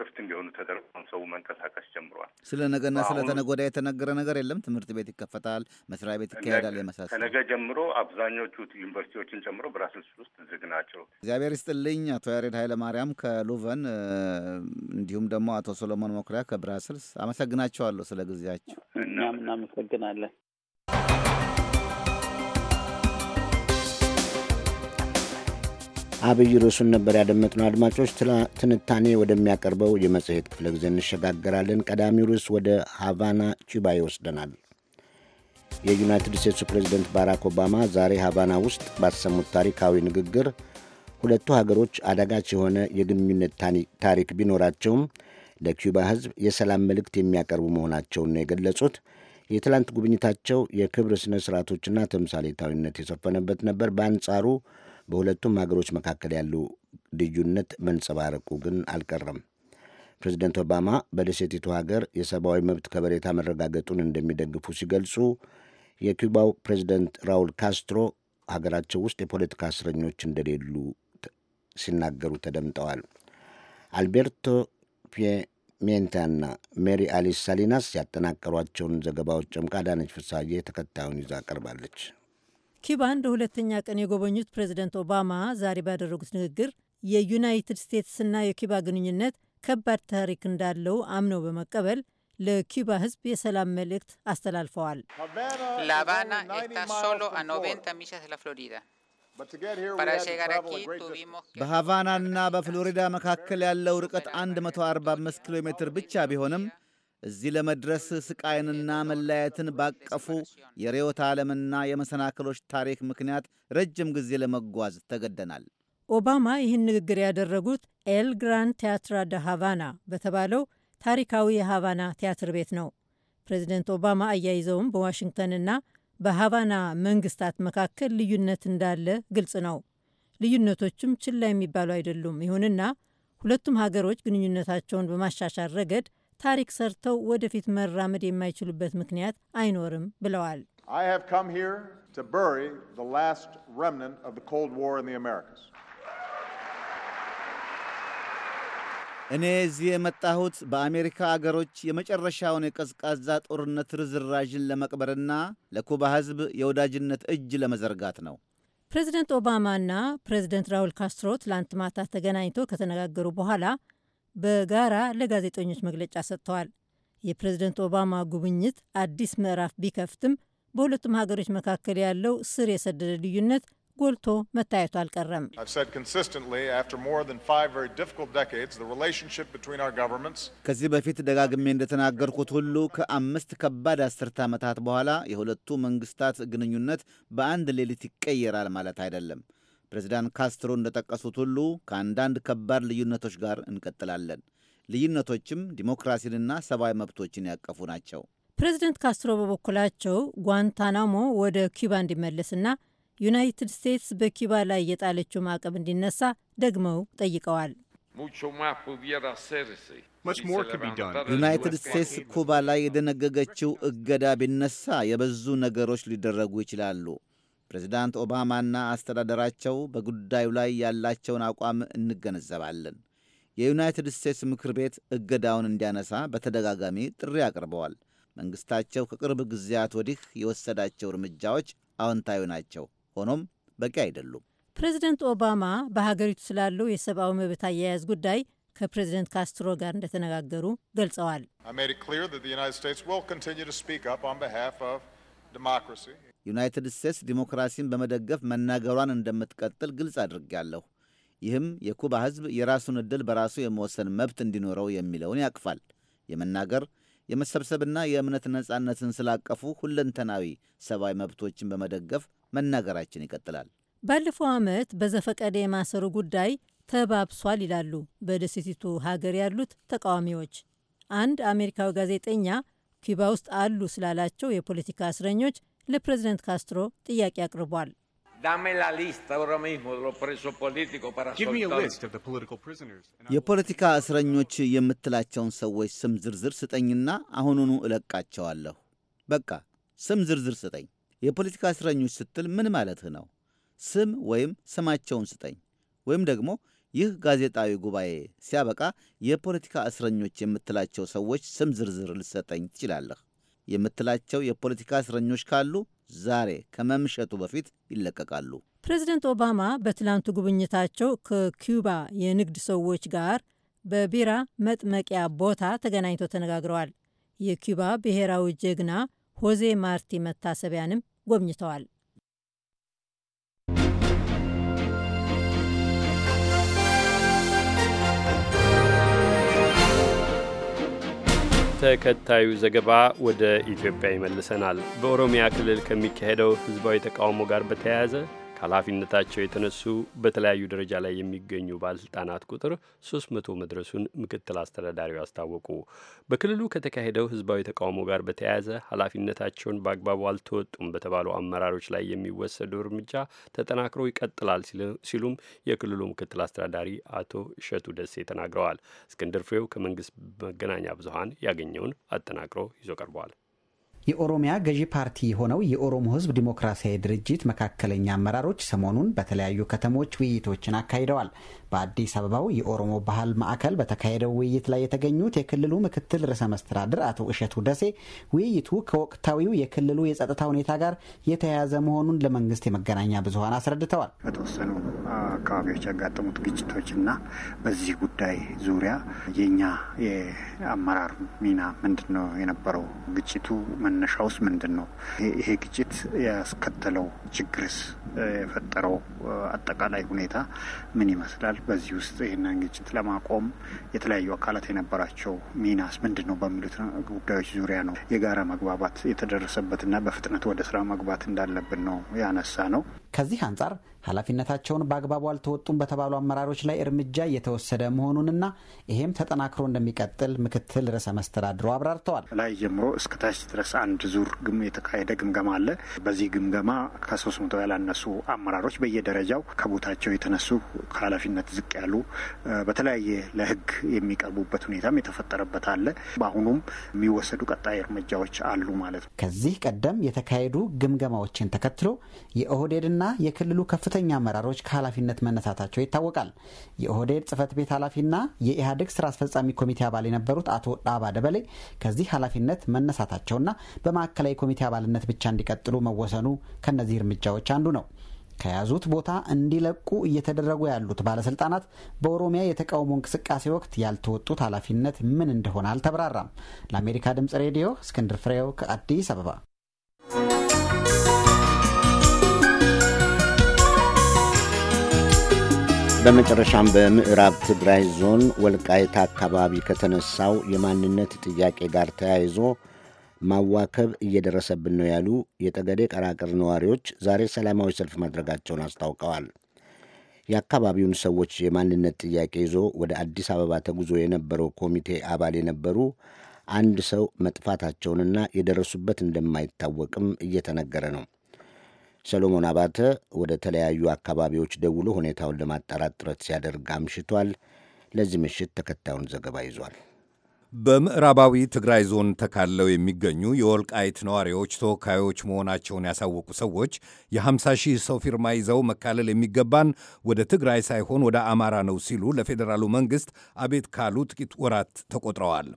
ክፍት እንዲሆኑ ተደርጎ ሰው መንቀሳቀስ ጀምሯል። ስለ ነገና ስለ ተነጎዳ የተነገረ ነገር የለም። ትምህርት ቤት ይከፈታል፣ መስሪያ ቤት ይካሄዳል። የመሳሰ ከነገ ጀምሮ አብዛኞቹ ዩኒቨርሲቲዎችን ጨምሮ ብራስልስ ውስጥ ዝግ ናቸው። እግዚአብሔር ይስጥልኝ አቶ ያሬድ ኃይለማርያም ማርያም ከሉቨን እንዲሁም ደግሞ አቶ ሶሎሞን መኩሪያ ከብራስልስ አመሰግናቸዋለሁ ስለ ጊዜያቸው። እናም እናመሰግናለን። አብይ ርዕሱን ነበር ያደመጥነው። አድማጮች ትንታኔ ወደሚያቀርበው የመጽሔት ክፍለ ጊዜ እንሸጋገራለን። ቀዳሚው ርዕስ ወደ ሃቫና ኪዩባ ይወስደናል። የዩናይትድ ስቴትሱ ፕሬዚደንት ባራክ ኦባማ ዛሬ ሃቫና ውስጥ ባሰሙት ታሪካዊ ንግግር ሁለቱ ሀገሮች አዳጋች የሆነ የግንኙነት ታሪክ ቢኖራቸውም ለኪዩባ ሕዝብ የሰላም መልእክት የሚያቀርቡ መሆናቸውን ነው የገለጹት። የትላንት ጉብኝታቸው የክብር ሥነ ሥርዓቶችና ተምሳሌታዊነት የሰፈነበት ነበር። በአንጻሩ በሁለቱም ሀገሮች መካከል ያለው ልዩነት መንጸባረቁ ግን አልቀረም። ፕሬዚደንት ኦባማ በደሴቲቱ ሀገር የሰብአዊ መብት ከበሬታ መረጋገጡን እንደሚደግፉ ሲገልጹ፣ የኩባው ፕሬዚደንት ራውል ካስትሮ ሀገራቸው ውስጥ የፖለቲካ እስረኞች እንደሌሉ ሲናገሩ ተደምጠዋል። አልቤርቶ ፒሜንታና ሜሪ አሊስ ሳሊናስ ያጠናቀሯቸውን ዘገባዎች ጨምቃ ዳነች ፍሳዬ ተከታዩን ይዛ ቀርባለች። ኪባን ለሁለተኛ ቀን የጎበኙት ፕሬዚደንት ኦባማ ዛሬ ባደረጉት ንግግር የዩናይትድ ስቴትስና የኪባ ግንኙነት ከባድ ታሪክ እንዳለው አምነው በመቀበል ለኪባ ሕዝብ የሰላም መልእክት አስተላልፈዋል። በሃቫናና በፍሎሪዳ መካከል ያለው ርቀት 145 ኪሎ ሜትር ብቻ ቢሆንም እዚህ ለመድረስ ስቃይንና መለያየትን ባቀፉ የርዕዮተ ዓለምና የመሰናክሎች ታሪክ ምክንያት ረጅም ጊዜ ለመጓዝ ተገደናል። ኦባማ ይህን ንግግር ያደረጉት ኤል ግራን ቲያትራ ደ ሃቫና በተባለው ታሪካዊ የሃቫና ቲያትር ቤት ነው። ፕሬዚደንት ኦባማ አያይዘውም በዋሽንግተንና በሃቫና መንግስታት መካከል ልዩነት እንዳለ ግልጽ ነው። ልዩነቶቹም ችላ የሚባሉ አይደሉም። ይሁንና ሁለቱም ሀገሮች ግንኙነታቸውን በማሻሻል ረገድ ታሪክ ሰርተው ወደፊት መራመድ የማይችሉበት ምክንያት አይኖርም ብለዋል። እኔ እዚህ የመጣሁት በአሜሪካ አገሮች የመጨረሻውን የቀዝቃዛ ጦርነት ርዝራዥን ለመቅበርና ለኩባ ሕዝብ የወዳጅነት እጅ ለመዘርጋት ነው። ፕሬዚደንት ኦባማና ፕሬዚደንት ራውል ካስትሮ ትላንት ማታ ተገናኝተው ከተነጋገሩ በኋላ በጋራ ለጋዜጠኞች መግለጫ ሰጥተዋል። የፕሬዝደንት ኦባማ ጉብኝት አዲስ ምዕራፍ ቢከፍትም በሁለቱም ሀገሮች መካከል ያለው ስር የሰደደ ልዩነት ጎልቶ መታየቱ አልቀረም። ከዚህ በፊት ደጋግሜ እንደተናገርኩት ሁሉ ከአምስት ከባድ አስርተ ዓመታት በኋላ የሁለቱ መንግስታት ግንኙነት በአንድ ሌሊት ይቀየራል ማለት አይደለም። ፕሬዚዳንት ካስትሮ እንደጠቀሱት ሁሉ ከአንዳንድ ከባድ ልዩነቶች ጋር እንቀጥላለን። ልዩነቶችም ዲሞክራሲንና ሰብአዊ መብቶችን ያቀፉ ናቸው። ፕሬዚደንት ካስትሮ በበኩላቸው ጓንታናሞ ወደ ኪባ እንዲመለስና ዩናይትድ ስቴትስ በኪባ ላይ የጣለችው ማዕቀብ እንዲነሳ ደግመው ጠይቀዋል። ዩናይትድ ስቴትስ ኩባ ላይ የደነገገችው እገዳ ቢነሳ የበዙ ነገሮች ሊደረጉ ይችላሉ። ፕሬዚዳንት ኦባማና አስተዳደራቸው በጉዳዩ ላይ ያላቸውን አቋም እንገነዘባለን። የዩናይትድ ስቴትስ ምክር ቤት እገዳውን እንዲያነሳ በተደጋጋሚ ጥሪ አቅርበዋል። መንግስታቸው ከቅርብ ጊዜያት ወዲህ የወሰዳቸው እርምጃዎች አዎንታዊ ናቸው፣ ሆኖም በቂ አይደሉም። ፕሬዚደንት ኦባማ በሀገሪቱ ስላለው የሰብአዊ መብት አያያዝ ጉዳይ ከፕሬዚደንት ካስትሮ ጋር እንደተነጋገሩ ገልጸዋል። ዩናይትድ ስቴትስ ዲሞክራሲን በመደገፍ መናገሯን እንደምትቀጥል ግልጽ አድርጌያለሁ። ይህም የኩባ ሕዝብ የራሱን ዕድል በራሱ የመወሰን መብት እንዲኖረው የሚለውን ያቅፋል። የመናገር የመሰብሰብና የእምነት ነጻነትን ስላቀፉ ሁለንተናዊ ሰብአዊ መብቶችን በመደገፍ መናገራችን ይቀጥላል። ባለፈው ዓመት በዘፈቀደ የማሰሩ ጉዳይ ተባብሷል ይላሉ በደሴቲቱ ሀገር ያሉት ተቃዋሚዎች። አንድ አሜሪካዊ ጋዜጠኛ ኪባ ውስጥ አሉ ስላላቸው የፖለቲካ እስረኞች ለፕሬዝደንት ካስትሮ ጥያቄ አቅርቧል። የፖለቲካ እስረኞች የምትላቸውን ሰዎች ስም ዝርዝር ስጠኝና አሁኑኑ እለቃቸዋለሁ። በቃ ስም ዝርዝር ስጠኝ። የፖለቲካ እስረኞች ስትል ምን ማለትህ ነው? ስም ወይም ስማቸውን ስጠኝ። ወይም ደግሞ ይህ ጋዜጣዊ ጉባኤ ሲያበቃ የፖለቲካ እስረኞች የምትላቸው ሰዎች ስም ዝርዝር ልሰጠኝ ትችላለህ። የምትላቸው የፖለቲካ እስረኞች ካሉ ዛሬ ከመምሸቱ በፊት ይለቀቃሉ። ፕሬዚደንት ኦባማ በትላንቱ ጉብኝታቸው ከኪዩባ የንግድ ሰዎች ጋር በቢራ መጥመቂያ ቦታ ተገናኝቶ ተነጋግረዋል። የኪዩባ ብሔራዊ ጀግና ሆዜ ማርቲ መታሰቢያንም ጎብኝተዋል። ተከታዩ ዘገባ ወደ ኢትዮጵያ ይመልሰናል። በኦሮሚያ ክልል ከሚካሄደው ህዝባዊ ተቃውሞ ጋር በተያያዘ ከኃላፊነታቸው የተነሱ በተለያዩ ደረጃ ላይ የሚገኙ ባለሥልጣናት ቁጥር 300 መድረሱን ምክትል አስተዳዳሪው አስታወቁ። በክልሉ ከተካሄደው ህዝባዊ ተቃውሞ ጋር በተያያዘ ኃላፊነታቸውን በአግባቡ አልተወጡም በተባሉ አመራሮች ላይ የሚወሰዱ እርምጃ ተጠናክሮ ይቀጥላል ሲሉም የክልሉ ምክትል አስተዳዳሪ አቶ እሸቱ ደሴ ተናግረዋል። እስክንድር ፍሬው ከመንግስት መገናኛ ብዙኃን ያገኘውን አጠናክሮ ይዞ ቀርበዋል። የኦሮሚያ ገዢ ፓርቲ የሆነው የኦሮሞ ህዝብ ዲሞክራሲያዊ ድርጅት መካከለኛ አመራሮች ሰሞኑን በተለያዩ ከተሞች ውይይቶችን አካሂደዋል። በአዲስ አበባው የኦሮሞ ባህል ማዕከል በተካሄደው ውይይት ላይ የተገኙት የክልሉ ምክትል ርዕሰ መስተዳድር አቶ እሸቱ ደሴ ውይይቱ ከወቅታዊው የክልሉ የጸጥታ ሁኔታ ጋር የተያያዘ መሆኑን ለመንግስት የመገናኛ ብዙሀን አስረድተዋል። በተወሰኑ አካባቢዎች ያጋጠሙት ግጭቶችና በዚህ ጉዳይ ዙሪያ የኛ የአመራር ሚና ምንድን ነው የነበረው? ግጭቱ መነሻውስ ምንድን ነው? ይሄ ግጭት ያስከተለው ችግርስ የፈጠረው አጠቃላይ ሁኔታ ምን ይመስላል? በዚህ ውስጥ ይህንን ግጭት ለማቆም የተለያዩ አካላት የነበራቸው ሚናስ ምንድን ነው? በሚሉት ጉዳዮች ዙሪያ ነው የጋራ መግባባት የተደረሰበትና በፍጥነት ወደ ስራ መግባት እንዳለብን ነው ያነሳ ነው። ከዚህ አንጻር ኃላፊነታቸውን በአግባቡ አልተወጡም በተባሉ አመራሮች ላይ እርምጃ እየተወሰደ መሆኑንና ይሄም ተጠናክሮ እንደሚቀጥል ምክትል ርዕሰ መስተዳድሩ አብራርተዋል። ላይ ጀምሮ እስከ ታች ድረስ አንድ ዙር የተካሄደ ግምገማ አለ። በዚህ ግምገማ ከሶስት መቶ ያላነሱ አመራሮች በየደረጃው ከቦታቸው የተነሱ ከኃላፊነት ዝቅ ያሉ በተለያየ ለህግ የሚቀርቡበት ሁኔታም የተፈጠረበት አለ። በአሁኑም የሚወሰዱ ቀጣይ እርምጃዎች አሉ ማለት ነው። ከዚህ ቀደም የተካሄዱ ግምገማዎችን ተከትሎ የኦህዴድና የክልልና የክልሉ ከፍተኛ አመራሮች ከኃላፊነት መነሳታቸው ይታወቃል። የኦህዴድ ጽህፈት ቤት ኃላፊና የኢህአዴግ ስራ አስፈጻሚ ኮሚቴ አባል የነበሩት አቶ ዳባ ደበሌ ከዚህ ኃላፊነት መነሳታቸውና በማዕከላዊ ኮሚቴ አባልነት ብቻ እንዲቀጥሉ መወሰኑ ከእነዚህ እርምጃዎች አንዱ ነው። ከያዙት ቦታ እንዲለቁ እየተደረጉ ያሉት ባለስልጣናት በኦሮሚያ የተቃውሞ እንቅስቃሴ ወቅት ያልተወጡት ኃላፊነት ምን እንደሆነ አልተብራራም። ለአሜሪካ ድምጽ ሬዲዮ እስክንድር ፍሬው ከአዲስ አበባ በመጨረሻም በምዕራብ ትግራይ ዞን ወልቃይታ አካባቢ ከተነሳው የማንነት ጥያቄ ጋር ተያይዞ ማዋከብ እየደረሰብን ነው ያሉ የጠገዴ ቀራቅር ነዋሪዎች ዛሬ ሰላማዊ ሰልፍ ማድረጋቸውን አስታውቀዋል። የአካባቢውን ሰዎች የማንነት ጥያቄ ይዞ ወደ አዲስ አበባ ተጉዞ የነበረው ኮሚቴ አባል የነበሩ አንድ ሰው መጥፋታቸውንና የደረሱበት እንደማይታወቅም እየተነገረ ነው። ሰሎሞን አባተ ወደ ተለያዩ አካባቢዎች ደውሎ ሁኔታውን ለማጣራት ጥረት ሲያደርግ አምሽቷል። ለዚህ ምሽት ተከታዩን ዘገባ ይዟል። በምዕራባዊ ትግራይ ዞን ተካለው የሚገኙ የወልቃይት ነዋሪዎች ተወካዮች መሆናቸውን ያሳወቁ ሰዎች የ50 ሺህ ሰው ፊርማ ይዘው መካለል የሚገባን ወደ ትግራይ ሳይሆን ወደ አማራ ነው ሲሉ ለፌዴራሉ መንግሥት አቤት ካሉ ጥቂት ወራት ተቆጥረዋል።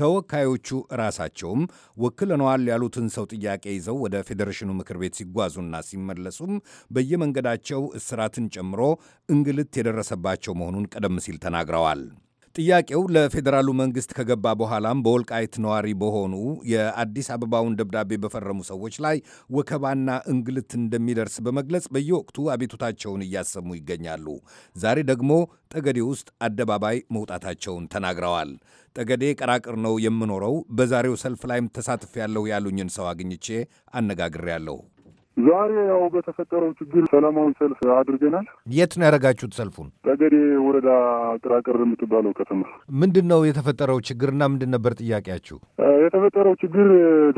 ተወካዮቹ ራሳቸውም ወክለነዋል ያሉትን ሰው ጥያቄ ይዘው ወደ ፌዴሬሽኑ ምክር ቤት ሲጓዙና ሲመለሱም በየመንገዳቸው እስራትን ጨምሮ እንግልት የደረሰባቸው መሆኑን ቀደም ሲል ተናግረዋል። ጥያቄው ለፌዴራሉ መንግስት ከገባ በኋላም በወልቃይት ነዋሪ በሆኑ የአዲስ አበባውን ደብዳቤ በፈረሙ ሰዎች ላይ ወከባና እንግልት እንደሚደርስ በመግለጽ በየወቅቱ አቤቱታቸውን እያሰሙ ይገኛሉ። ዛሬ ደግሞ ጠገዴ ውስጥ አደባባይ መውጣታቸውን ተናግረዋል። ጠገዴ ቀራቅር ነው የምኖረው። በዛሬው ሰልፍ ላይም ያለሁ ያሉኝን ሰው አግኝቼ ያለሁ ዛሬ ያው በተፈጠረው ችግር ሰላማዊ ሰልፍ አድርገናል። የት ነው ያደረጋችሁት ሰልፉን? ጠገዴ ወረዳ ጥራቅር የምትባለው ከተማ። ምንድን ነው የተፈጠረው ችግርና ምንድን ነበር ጥያቄያችሁ? የተፈጠረው ችግር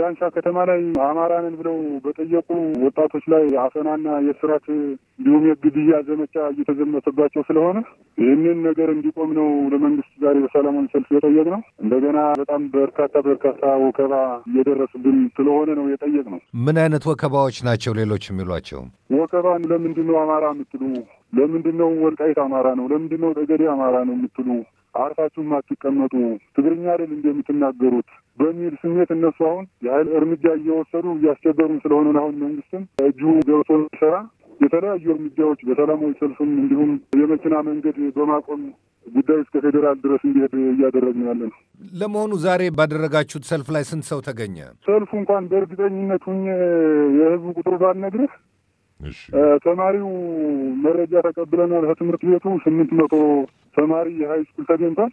ዳንሻ ከተማ ላይ አማራንን ብለው በጠየቁ ወጣቶች ላይ አፈናና የስራት እንዲሁም የግድያ ዘመቻ እየተዘመተባቸው ስለሆነ ይህንን ነገር እንዲቆም ነው ለመንግስት ዛሬ በሰላማዊ ሰልፍ የጠየቅነው። እንደገና በጣም በርካታ በርካታ ወከባ እየደረሱብን ስለሆነ ነው የጠየቅነው። ምን አይነት ወከባዎች ናቸው ናቸው ሌሎች የሚሏቸው ወከባን ለምንድን ነው አማራ የምትሉ? ለምንድን ነው ወልቃይት አማራ ነው? ለምንድን ነው ጠገዴ አማራ ነው የምትሉ? አርፋችሁ አትቀመጡ፣ ትግርኛ አይደል እንደምትናገሩት በሚል ስሜት እነሱ አሁን የኃይል እርምጃ እየወሰዱ እያስቸገሩን ስለሆነ አሁን መንግስትም እጁ ገብቶ ሰራ የተለያዩ እርምጃዎች በሰላማዊ ሰልፍም እንዲሁም የመኪና መንገድ በማቆም ጉዳዩ እስከ ፌዴራል ድረስ እንዲሄድ እያደረግን ያለ ነው። ለመሆኑ ዛሬ ባደረጋችሁት ሰልፍ ላይ ስንት ሰው ተገኘ? ሰልፉ እንኳን በእርግጠኝነት ሁኜ የህዝቡ ቁጥር ባልነግርህ፣ ተማሪው መረጃ ተቀብለናል ከትምህርት ቤቱ ስምንት መቶ ተማሪ የሀይ ስኩል ተገኝቷል።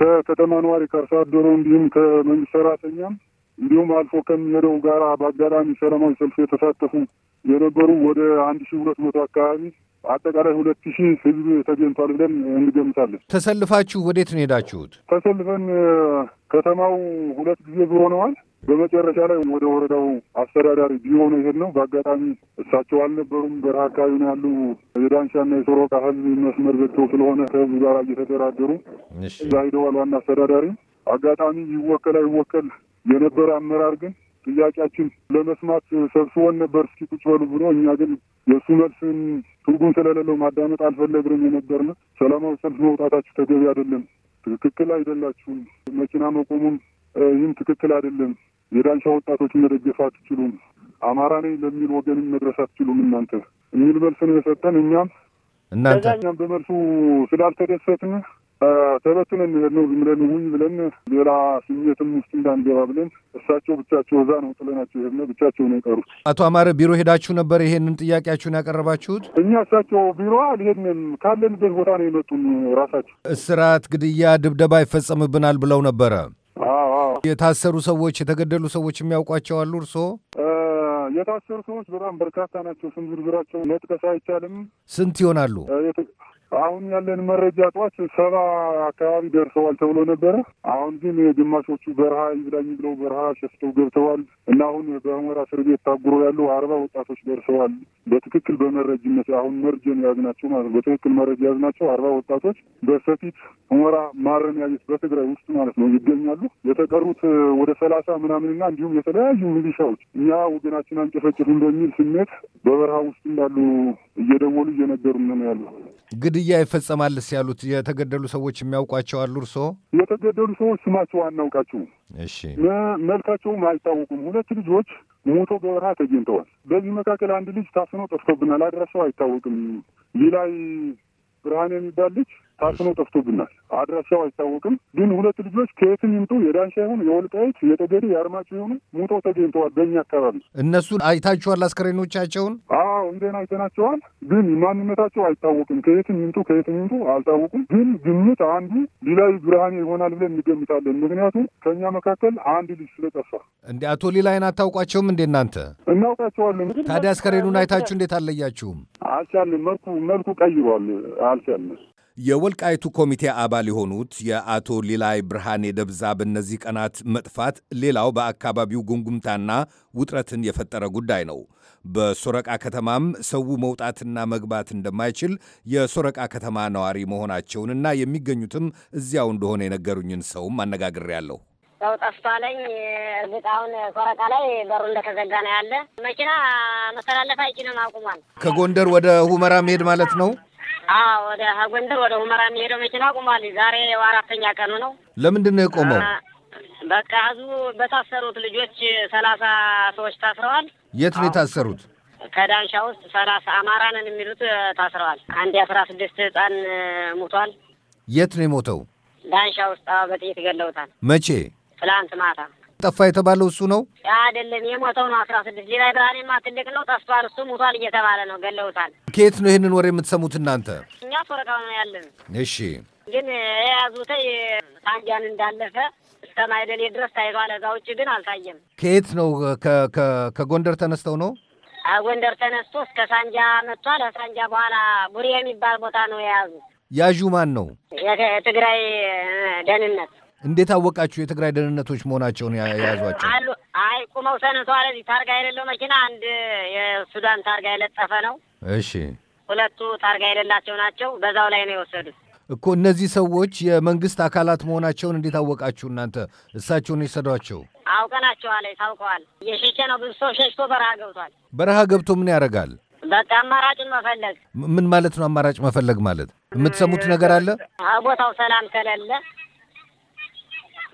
ከከተማ ነዋሪ ከአርሶ አደሩ እንዲሁም ከመንግስት ሰራተኛም እንዲሁም አልፎ ከሚሄደው ጋር በአጋጣሚ ሰላማዊ ሰልፍ የተሳተፉ የነበሩ ወደ አንድ ሺ ሁለት መቶ አካባቢ አጠቃላይ ሁለት ሺህ ህዝብ ተገኝቷል ብለን እንገምታለን። ተሰልፋችሁ ወዴት ነው ሄዳችሁት? ተሰልፈን ከተማው ሁለት ጊዜ ብሆነዋል። በመጨረሻ ላይ ወደ ወረዳው አስተዳዳሪ ቢሮ ነው የሄድነው። በአጋጣሚ እሳቸው አልነበሩም። በረሃ አካባቢ ነው ያሉ። የዳንሻና የሶሮቃ ህዝብ መስመር ዘግተው ስለሆነ ከህዝብ ጋር እየተደራደሩ እዛ ሂደዋል። ዋና አስተዳዳሪ አጋጣሚ ይወከል አይወከል የነበረ አመራር ግን ጥያቄያችን ለመስማት ሰብስቦን ነበር። እስኪ ቁጭ በሉ ብሎ እኛ ግን የእሱ መልስን ትርጉም ስለሌለው ማዳመጥ አልፈለግንም የነበርነ። ሰላማዊ ሰልፍ መውጣታችሁ ተገቢ አይደለም፣ ትክክል አይደላችሁም፣ መኪና መቆሙም ይህም ትክክል አይደለም፣ የዳንሻ ወጣቶችን መደገፍ አትችሉም፣ አማራ ነኝ ለሚል ወገንም መድረስ አትችሉም እናንተ የሚል መልስ ነው የሰጠን። እኛም እናንተ በመልሱ ስላልተደሰትን ተበትነን ነው ዝም ብለን ብለን ሌላ ስሜትም ውስጥ እንዳንገባ ብለን እሳቸው ብቻቸው እዛ ነው ጥለናቸው ሄድነ ብቻቸው ነው የቀሩት። አቶ አማረ ቢሮ ሄዳችሁ ነበር ይሄንን ጥያቄያችሁን ያቀረባችሁት? እኛ እሳቸው ቢሮ አልሄድንም ካለንበት ቦታ ነው የመጡን። ራሳቸው እስራት፣ ግድያ፣ ድብደባ ይፈጸምብናል ብለው ነበረ። የታሰሩ ሰዎች የተገደሉ ሰዎች የሚያውቋቸው አሉ እርስዎ? የታሰሩ ሰዎች በጣም በርካታ ናቸው። ስም ዝርዝራቸው መጥቀስ አይቻልም። ስንት ይሆናሉ? አሁን ያለን መረጃ ጠዋት ሰባ አካባቢ ደርሰዋል ተብሎ ነበረ። አሁን ግን ግማሾቹ በረሃ ይብላኝ ብለው በረሃ ሸፍተው ገብተዋል እና አሁን በሁመራ እስር ቤት ታጉሮ ያሉ አርባ ወጣቶች ደርሰዋል። በትክክል በመረጅነት አሁን መርጀን ያዝናቸው ማለት ነው። በትክክል መረጃ ያዝናቸው አርባ ወጣቶች በሰፊት ሁመራ ማረሚያ ቤት በትግራይ ውስጥ ማለት ነው ይገኛሉ። የተቀሩት ወደ ሰላሳ ምናምንና እንዲሁም የተለያዩ ሚሊሻዎች እኛ ወገናችን አንጨፈጭፉን በሚል ስሜት በበረሃ ውስጥ እንዳሉ እየደወሉ እየነገሩ ነው ያሉ። ግድያ ይፈጸማልስ ያሉት የተገደሉ ሰዎች የሚያውቋቸው አሉ? እርስዎ የተገደሉ ሰዎች ስማቸው አናውቃቸውም። እሺ፣ መልካቸውም አይታወቁም። ሁለት ልጆች ሞቶ በበረሃ ተገኝተዋል። በዚህ መካከል አንድ ልጅ ታፍኖ ጠፍቶብናል፣ አድራሻው አይታወቅም። ሌላይ ላይ ብርሃን የሚባል ልጅ ታፍነው ጠፍቶብናል። አድራሻው አይታወቅም። ግን ሁለት ልጆች ከየትም ይምጡ የዳንሻ ይሁን የወልቃይት የጠገዴ የአርማጭሆ የሆኑ ሙተው ተገኝተዋል። በእኛ አካባቢ እነሱ አይታችኋል? አስከሬኖቻቸውን? አዎ እንደን አይተናቸዋል። ግን ማንነታቸው አይታወቅም። ከየትም ይምጡ ከየትም ይምጡ አልታወቁም። ግን ግምት አንዱ ሌላዊ ብርሃኔ ይሆናል ብለን እንገምታለን። ምክንያቱም ከእኛ መካከል አንድ ልጅ ስለጠፋ። እንደ አቶ ሌላይን አታውቋቸውም እንዴ እናንተ? እናውቃቸዋለን። ታዲያ አስከሬኑን አይታችሁ እንዴት አለያችሁም? አልቻለም። መልኩ መልኩ ቀይሯል። አልቻለም የወልቃይቱ ኮሚቴ አባል የሆኑት የአቶ ሊላይ ብርሃኔ ደብዛ በእነዚህ ቀናት መጥፋት ሌላው በአካባቢው ጉንጉምታና ውጥረትን የፈጠረ ጉዳይ ነው። በሶረቃ ከተማም ሰው መውጣትና መግባት እንደማይችል የሶረቃ ከተማ ነዋሪ መሆናቸውንና የሚገኙትም እዚያው እንደሆነ የነገሩኝን ሰውም አነጋግሬያለሁ። ሰው ጠፍቷለኝ። እርግጥ ኮረቃ ላይ በሩ እንደተዘጋ ነው ያለ። መኪና መተላለፍ አይችልም፣ አቁሟል። ከጎንደር ወደ ሁመራ መሄድ ማለት ነው ወደ ጎንደር ወደ ሁመራ የሚሄደው መኪና ቆሟል። ዛሬ አራተኛ ቀኑ ነው። ለምንድን ነው የቆመው? በቃ ህዝቡ በታሰሩት ልጆች ሰላሳ ሰዎች ታስረዋል። የት ነው የታሰሩት? ከዳንሻ ውስጥ ሰላሳ አማራንን የሚሉት ታስረዋል። አንድ የአስራ ስድስት ህፃን ሞቷል። የት ነው የሞተው? ዳንሻ ውስጥ በጥይት ገለውታል። መቼ? ትላንት ማታ ጠፋ የተባለው እሱ ነው አይደለም? የሞተው ነው። አስራ ስድስት ሌላ ብርሃኔማ ትልቅ ነው ጠፍቷል። እሱ ሙቷል እየተባለ ነው፣ ገለውታል። ከየት ነው ይህንን ወሬ የምትሰሙት እናንተ? እኛ ሶረቃው ነው ያለን። እሺ። ግን የያዙት ሳንጃን እንዳለፈ እስከ ማይደሌ ድረስ ታይቷል። እዛ ውጭ ግን አልታየም። ከየት ነው? ከጎንደር ተነስተው ነው ጎንደር ተነስቶ እስከ ሳንጃ መጥቷል። ከሳንጃ በኋላ ቡሬ የሚባል ቦታ ነው የያዙ። ያዡ ማን ነው? የትግራይ ደህንነት እንዴት አወቃችሁ የትግራይ ደህንነቶች መሆናቸውን የያዟቸው? አይ ቁመው ሰንተዋል። እዚህ ታርጋ የሌለው መኪና አንድ የሱዳን ታርጋ የለጠፈ ነው። እሺ፣ ሁለቱ ታርጋ የሌላቸው ናቸው። በዛው ላይ ነው የወሰዱት እኮ። እነዚህ ሰዎች የመንግስት አካላት መሆናቸውን እንዴት አወቃችሁ እናንተ? እሳቸውን የሰዷቸው አውቀናቸዋለ ታውቀዋል። የሸሸ ነው ብዙ ሰው ሸሽቶ በረሃ ገብቷል። በረሃ ገብቶ ምን ያደርጋል? በቃ አማራጭን መፈለግ። ምን ማለት ነው አማራጭ መፈለግ ማለት? የምትሰሙት ነገር አለ። ቦታው ሰላም ከሌለ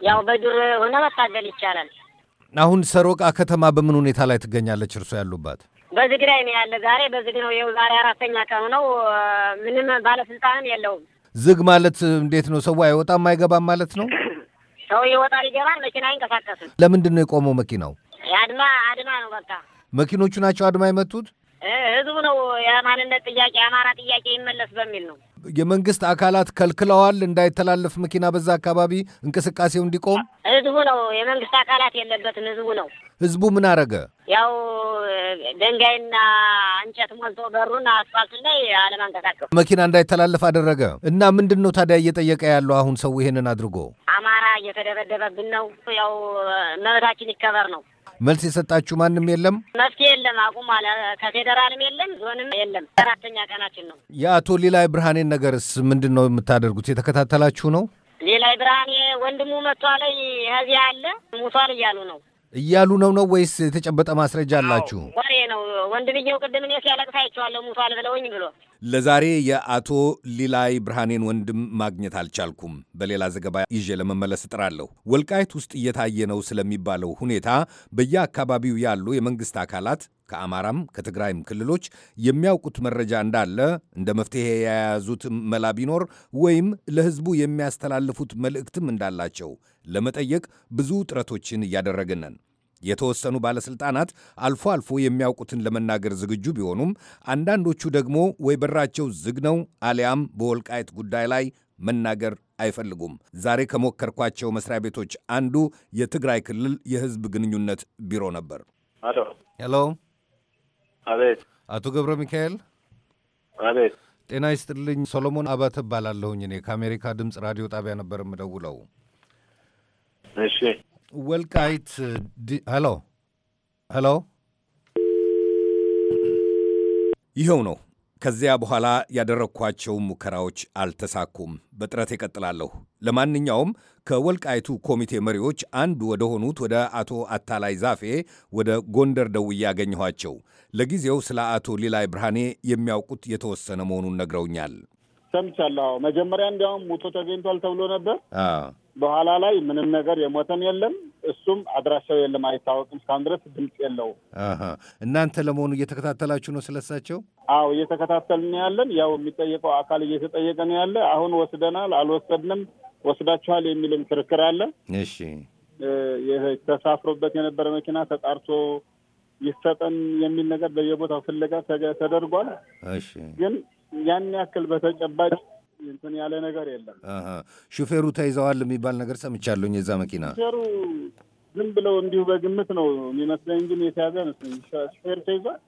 ያው በዱር ሆነ መታገል ይቻላል። አሁን ሰሮቃ ከተማ በምን ሁኔታ ላይ ትገኛለች? እርሶ ያሉባት በዝግራይ ነው ያለ። ዛሬ በዝግ ነው። ይኸው ዛሬ አራተኛ ቀኑ ነው። ምንም ባለስልጣንም የለውም። ዝግ ማለት እንዴት ነው? ሰው አይወጣም አይገባም ማለት ነው? [CLEARS THROAT] ሰው ይወጣል ይገባል፣ መኪና አይንቀሳቀስም። ለምንድን ነው የቆመው መኪናው? አድማ አድማ ነው በቃ። መኪኖቹ ናቸው አድማ የመቱት። ህዝቡ ነው የማንነት ጥያቄ የአማራ ጥያቄ ይመለስ በሚል ነው። የመንግስት አካላት ከልክለዋል እንዳይተላለፍ መኪና በዛ አካባቢ እንቅስቃሴው እንዲቆም ህዝቡ ነው። የመንግስት አካላት የለበትም፣ ህዝቡ ነው። ህዝቡ ምን አረገ? ያው ድንጋይና እንጨት ሞልቶ በሩን አስፋልቱ ላይ አለማንቀሳቀስ መኪና እንዳይተላለፍ አደረገ እና ምንድን ነው ታዲያ እየጠየቀ ያለው አሁን ሰው ይሄንን አድርጎ አማራ እየተደበደበብን ነው፣ ያው መብታችን ይከበር ነው መልስ የሰጣችሁ ማንም የለም? መፍትሄ የለም። አቁም አለ። ከፌዴራልም የለም፣ ዞንም የለም። አራተኛ ቀናችን ነው። የአቶ ሌላይ ብርሃኔን ነገርስ ምንድን ነው የምታደርጉት? የተከታተላችሁ ነው? ሊላይ ብርሃኔ ወንድሙ መጥቷል፣ ከዚያ አለ ሙቷል እያሉ ነው እያሉ ነው ነው ወይስ የተጨበጠ ማስረጃ አላችሁ? ወሬ ነው። ወንድምየው ቅድም እኔ ሲያለቅስ አይቼዋለሁ ሙቷል ብለውኝ ብሎ ለዛሬ የአቶ ሊላይ ብርሃኔን ወንድም ማግኘት አልቻልኩም። በሌላ ዘገባ ይዤ ለመመለስ እጥራለሁ። ወልቃይት ውስጥ እየታየ ነው ስለሚባለው ሁኔታ በየአካባቢው ያሉ የመንግሥት አካላት ከአማራም ከትግራይም ክልሎች የሚያውቁት መረጃ እንዳለ እንደ መፍትሔ የያዙት መላ ቢኖር ወይም ለሕዝቡ የሚያስተላልፉት መልእክትም እንዳላቸው ለመጠየቅ ብዙ ጥረቶችን እያደረግን ነን። የተወሰኑ ባለሥልጣናት አልፎ አልፎ የሚያውቁትን ለመናገር ዝግጁ ቢሆኑም አንዳንዶቹ ደግሞ ወይ በራቸው ዝግ ነው አሊያም በወልቃይት ጉዳይ ላይ መናገር አይፈልጉም። ዛሬ ከሞከርኳቸው መስሪያ ቤቶች አንዱ የትግራይ ክልል የሕዝብ ግንኙነት ቢሮ ነበር። አሎ፣ ሄሎ። አቤት። አቶ ገብረ ሚካኤል። አቤት። ጤና ይስጥልኝ። ሶሎሞን አባተ እባላለሁኝ። እኔ ከአሜሪካ ድምፅ ራዲዮ ጣቢያ ነበር የምደውለው። እሺ ወልቃይት ሄሎ ሄሎ፣ ይኸው ነው። ከዚያ በኋላ ያደረግኳቸው ሙከራዎች አልተሳኩም። በጥረት ይቀጥላለሁ ለማንኛውም ከወልቃይቱ ኮሚቴ መሪዎች አንዱ ወደ ሆኑት ወደ አቶ አታላይ ዛፌ ወደ ጎንደር ደውዬ ያገኘኋቸው፣ ለጊዜው ስለ አቶ ሊላይ ብርሃኔ የሚያውቁት የተወሰነ መሆኑን ነግረውኛል። ሰምቻለሁ። መጀመሪያ እንዲያውም ሞቶ ተገኝቷል ተብሎ ነበር። በኋላ ላይ ምንም ነገር የሞተን የለም፣ እሱም አድራሻው የለም፣ አይታወቅም። እስካሁን ድረስ ድምፅ የለውም። እናንተ ለመሆኑ እየተከታተላችሁ ነው ስለሳቸው? አዎ እየተከታተልን ያለን፣ ያው የሚጠየቀው አካል እየተጠየቀ ነው ያለ። አሁን ወስደናል፣ አልወሰድንም፣ ወስዳችኋል የሚልም ክርክር አለ። እሺ ተሳፍሮበት የነበረ መኪና ተጣርቶ ይሰጠን የሚል ነገር በየቦታው ፍለጋ ተደርጓል። ግን ያን ያክል በተጨባጭ እንትን ያለ ነገር የለም። ሹፌሩ ተይዘዋል የሚባል ነገር ሰምቻለሁኝ። የዛ መኪና ሹፌሩ ዝም ብለው እንዲሁ በግምት ነው የሚመስለኝ ግን የተያዘ አይመስለኝም። ሹፌር ተይዟል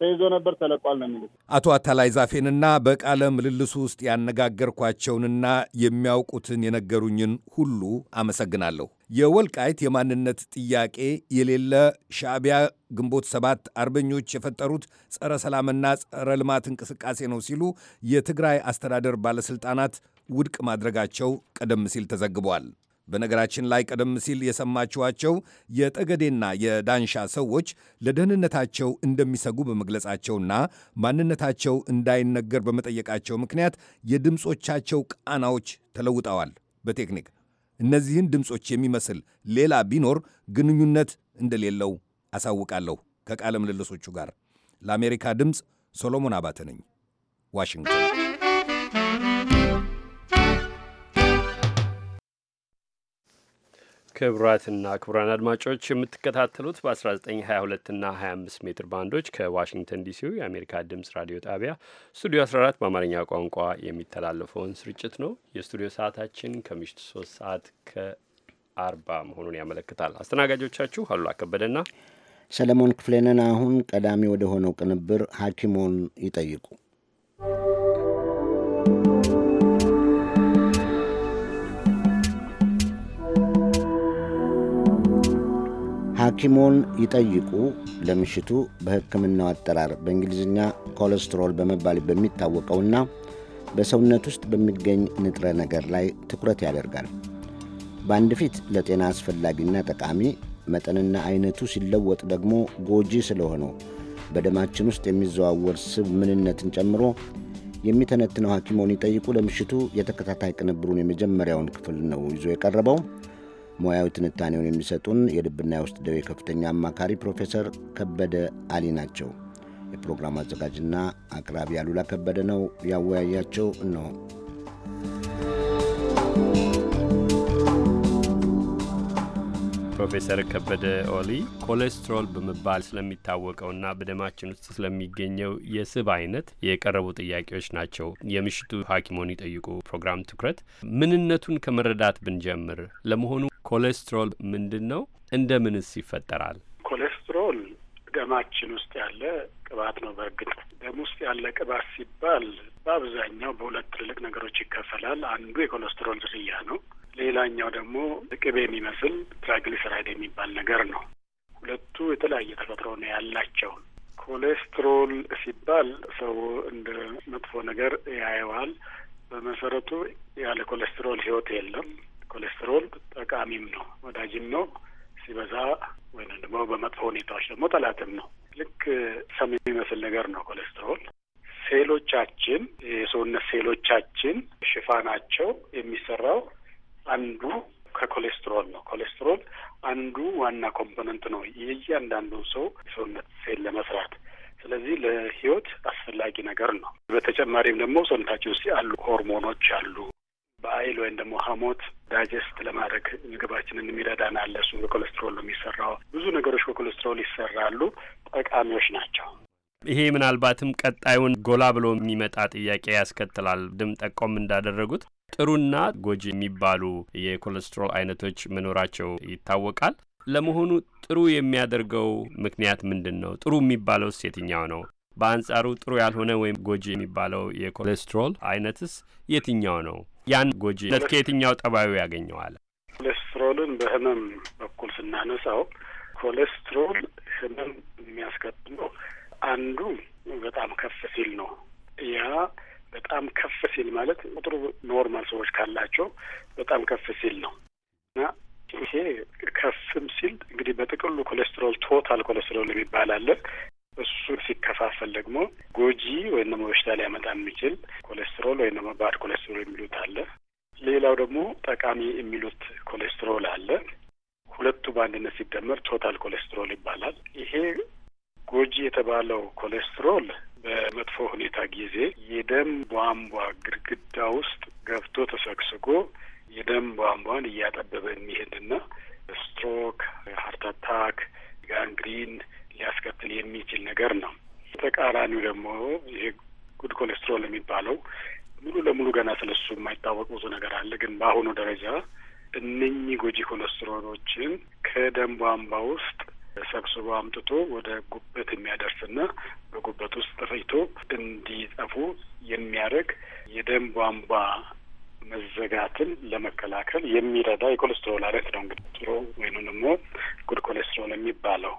ተይዞ ነበር ተለቋል ነው የሚሉት አቶ አታላይ ዛፌንና በቃለ ምልልሱ ውስጥ ያነጋገርኳቸውንና የሚያውቁትን የነገሩኝን ሁሉ አመሰግናለሁ። የወልቃይት የማንነት ጥያቄ የሌለ ሻዕቢያ ግንቦት ሰባት አርበኞች የፈጠሩት ጸረ ሰላምና ጸረ ልማት እንቅስቃሴ ነው ሲሉ የትግራይ አስተዳደር ባለሥልጣናት ውድቅ ማድረጋቸው ቀደም ሲል ተዘግቧል። በነገራችን ላይ ቀደም ሲል የሰማችኋቸው የጠገዴና የዳንሻ ሰዎች ለደህንነታቸው እንደሚሰጉ በመግለጻቸውና ማንነታቸው እንዳይነገር በመጠየቃቸው ምክንያት የድምፆቻቸው ቃናዎች ተለውጠዋል። በቴክኒክ እነዚህን ድምፆች የሚመስል ሌላ ቢኖር ግንኙነት እንደሌለው አሳውቃለሁ። ከቃለ ምልልሶቹ ጋር ለአሜሪካ ድምፅ ሶሎሞን አባተ ነኝ ዋሽንግተን ክቡራትና ክቡራን አድማጮች የምትከታተሉት በ1922 እና 25 ሜትር ባንዶች ከዋሽንግተን ዲሲው የአሜሪካ ድምፅ ራዲዮ ጣቢያ ስቱዲዮ 14 በአማርኛ ቋንቋ የሚተላለፈውን ስርጭት ነው። የስቱዲዮ ሰዓታችን ከምሽቱ 3 ሰዓት ከ40 መሆኑን ያመለክታል። አስተናጋጆቻችሁ አሉላ ከበደና ሰለሞን ክፍሌንን። አሁን ቀዳሚ ወደ ሆነው ቅንብር ሐኪሞን ይጠይቁ ሐኪሞን ይጠይቁ ለምሽቱ በሕክምናው አጠራር በእንግሊዝኛ ኮለስትሮል በመባል በሚታወቀውና በሰውነት ውስጥ በሚገኝ ንጥረ ነገር ላይ ትኩረት ያደርጋል። በአንድ ፊት ለጤና አስፈላጊና ጠቃሚ፣ መጠንና አይነቱ ሲለወጥ ደግሞ ጎጂ ስለሆነው በደማችን ውስጥ የሚዘዋወር ስብ ምንነትን ጨምሮ የሚተነትነው ሐኪሞን ይጠይቁ ለምሽቱ የተከታታይ ቅንብሩን የመጀመሪያውን ክፍል ነው ይዞ የቀረበው። ሙያዊ ትንታኔውን የሚሰጡን የልብና የውስጥ ደዌ ከፍተኛ አማካሪ ፕሮፌሰር ከበደ አሊ ናቸው። የፕሮግራም አዘጋጅና አቅራቢ አሉላ ከበደ ነው ያወያያቸው ነው። ፕሮፌሰር ከበደ ኦሊ ኮሌስትሮል በመባል ስለሚታወቀውና በደማችን ውስጥ ስለሚገኘው የስብ አይነት የቀረቡ ጥያቄዎች ናቸው። የምሽቱ ሐኪሞን ይጠይቁ ፕሮግራም ትኩረት ምንነቱን ከመረዳት ብንጀምር፣ ለመሆኑ ኮሌስትሮል ምንድን ነው? እንደምንስ ይፈጠራል? ኮሌስትሮል ደማችን ውስጥ ያለ ቅባት ነው። በእርግጥ ደም ውስጥ ያለ ቅባት ሲባል በአብዛኛው በሁለት ትልልቅ ነገሮች ይከፈላል። አንዱ የኮሌስትሮል ዝርያ ነው። ሌላኛው ደግሞ ቅቤ የሚመስል ትራይግሊሰራይድ የሚባል ነገር ነው። ሁለቱ የተለያየ ተፈጥሮ ነው ያላቸው። ኮሌስትሮል ሲባል ሰው እንደ መጥፎ ነገር ያየዋል። በመሰረቱ ያለ ኮሌስትሮል ህይወት የለም። ኮሌስትሮል ጠቃሚም ነው፣ ወዳጅም ነው። ሲበዛ ወይም ደግሞ በመጥፎ ሁኔታዎች ደግሞ ጠላትም ነው። ልክ ሰም የሚመስል ነገር ነው ኮሌስትሮል። ሴሎቻችን የሰውነት ሴሎቻችን ሽፋናቸው የሚሰራው አንዱ ከኮሌስትሮል ነው። ኮሌስትሮል አንዱ ዋና ኮምፖነንት ነው የእያንዳንዱ ሰው ሰውነት ሴል ለመስራት ስለዚህ ለህይወት አስፈላጊ ነገር ነው። በተጨማሪም ደግሞ ሰውነታችን ውስጥ ያሉ ሆርሞኖች አሉ። በአይል ወይም ደግሞ ሀሞት ዳይጀስት ለማድረግ ምግባችንን የሚረዳን አለ። በኮሌስትሮል ነው የሚሰራው። ብዙ ነገሮች በኮሌስትሮል ይሰራሉ፣ ጠቃሚዎች ናቸው። ይሄ ምናልባትም ቀጣዩን ጎላ ብሎ የሚመጣ ጥያቄ ያስከትላል። ድም ጠቆም እንዳደረጉት ጥሩና ጎጂ የሚባሉ የኮሌስትሮል አይነቶች መኖራቸው ይታወቃል። ለመሆኑ ጥሩ የሚያደርገው ምክንያት ምንድን ነው? ጥሩ የሚባለውስ የትኛው ነው? በአንጻሩ ጥሩ ያልሆነ ወይም ጎጂ የሚባለው የኮሌስትሮል አይነትስ የትኛው ነው? ያን ጎጂ ከየትኛው ጠባዩ ያገኘዋል? ኮሌስትሮልን በህመም በኩል ስናነሳው ኮሌስትሮል ህመም የሚያስከትለው አንዱ በጣም ከፍ ሲል ነው። ያ በጣም ከፍ ሲል ማለት ቁጥሩ ኖርማል ሰዎች ካላቸው በጣም ከፍ ሲል ነው እና ይሄ ከፍም ሲል እንግዲህ በጥቅሉ ኮሌስትሮል ቶታል ኮሌስትሮል የሚባል አለ። እሱ ሲከፋፈል ደግሞ ጎጂ ወይም ደግሞ በሽታ ሊያመጣ የሚችል ኮሌስትሮል ወይም ደግሞ ባድ ኮሌስትሮል የሚሉት አለ። ሌላው ደግሞ ጠቃሚ የሚሉት ኮሌስትሮል አለ። ሁለቱ በአንድነት ሲደመር ቶታል ኮሌስትሮል ይባላል። ይሄ ጎጂ የተባለው ኮሌስትሮል በመጥፎ ሁኔታ ጊዜ የደም ቧንቧ ግድግዳ ውስጥ ገብቶ ተሰግስጎ የደም ቧንቧን እያጠበበ የሚሄድና ስትሮክ፣ ሀርት አታክ፣ ጋንግሪን ሊያስከትል የሚችል ነገር ነው። ተቃራኒው ደግሞ ይሄ ጉድ ኮሌስትሮል የሚባለው ሙሉ ለሙሉ ገና ስለሱ የማይታወቅ ብዙ ነገር አለ። ግን በአሁኑ ደረጃ እነኚህ ጎጂ ኮሌስትሮሎችን ከደም ቧንቧ ውስጥ ሰብስቦ አምጥቶ ወደ ጉበት የሚያደርስና በጉበት ውስጥ ተፈጭቶ እንዲጠፉ የሚያደርግ የደም ቧንቧ መዘጋትን ለመከላከል የሚረዳ የኮሌስትሮል አይነት ነው። እንግዲህ ጥሩ ወይም ደግሞ ጉድ ኮሌስትሮል የሚባለው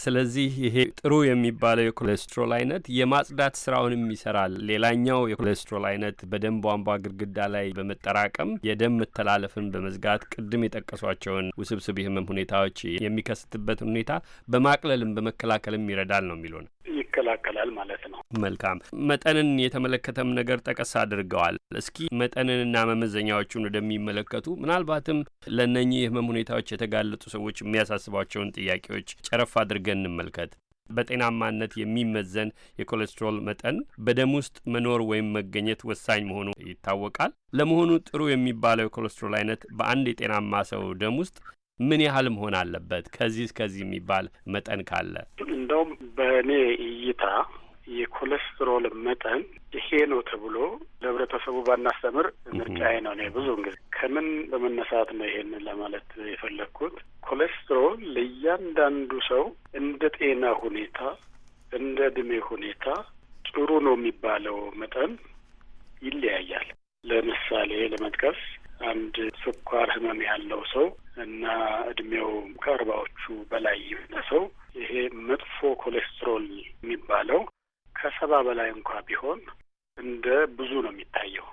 ስለዚህ ይሄ ጥሩ የሚባለው የኮሌስትሮል አይነት የማጽዳት ስራውንም ይሰራል። ሌላኛው የኮሌስትሮል አይነት በደም ቧንቧ ግድግዳ ላይ በመጠራቀም የደም መተላለፍን በመዝጋት ቅድም የጠቀሷቸውን ውስብስብ የህመም ሁኔታዎች የሚከስትበትን ሁኔታ በማቅለልም በመከላከልም ይረዳል ነው የሚሉን። ይከላከላል ማለት ነው። መልካም መጠንን የተመለከተም ነገር ጠቀስ አድርገዋል። እስኪ መጠንንና መመዘኛዎቹን ወደሚመለከቱ ምናልባትም ለእነኚህ የህመም ሁኔታዎች የተጋለጡ ሰዎች የሚያሳስቧቸውን ጥያቄዎች ጨረፍ አድርገን እንመልከት። በጤናማነት የሚመዘን የኮሌስትሮል መጠን በደም ውስጥ መኖር ወይም መገኘት ወሳኝ መሆኑ ይታወቃል። ለመሆኑ ጥሩ የሚባለው የኮሌስትሮል አይነት በአንድ የጤናማ ሰው ደም ውስጥ ምን ያህል መሆን አለበት? ከዚህ እስከዚህ የሚባል መጠን ካለ እንደውም በእኔ እይታ የኮሌስትሮል መጠን ይሄ ነው ተብሎ ለህብረተሰቡ ባናስተምር ምርጫዬ ነው። እኔ ብዙውን ጊዜ ከምን በመነሳት ነው ይሄን ለማለት የፈለግኩት? ኮሌስትሮል ለእያንዳንዱ ሰው እንደ ጤና ሁኔታ፣ እንደ እድሜ ሁኔታ ጥሩ ነው የሚባለው መጠን ይለያያል። ለምሳሌ ለመጥቀስ አንድ ስኳር ህመም ያለው ሰው እና እድሜው ከአርባዎቹ በላይ የሆነ ሰው ይሄ መጥፎ ኮሌስትሮል የሚባለው ከሰባ በላይ እንኳ ቢሆን እንደ ብዙ ነው የሚታየው።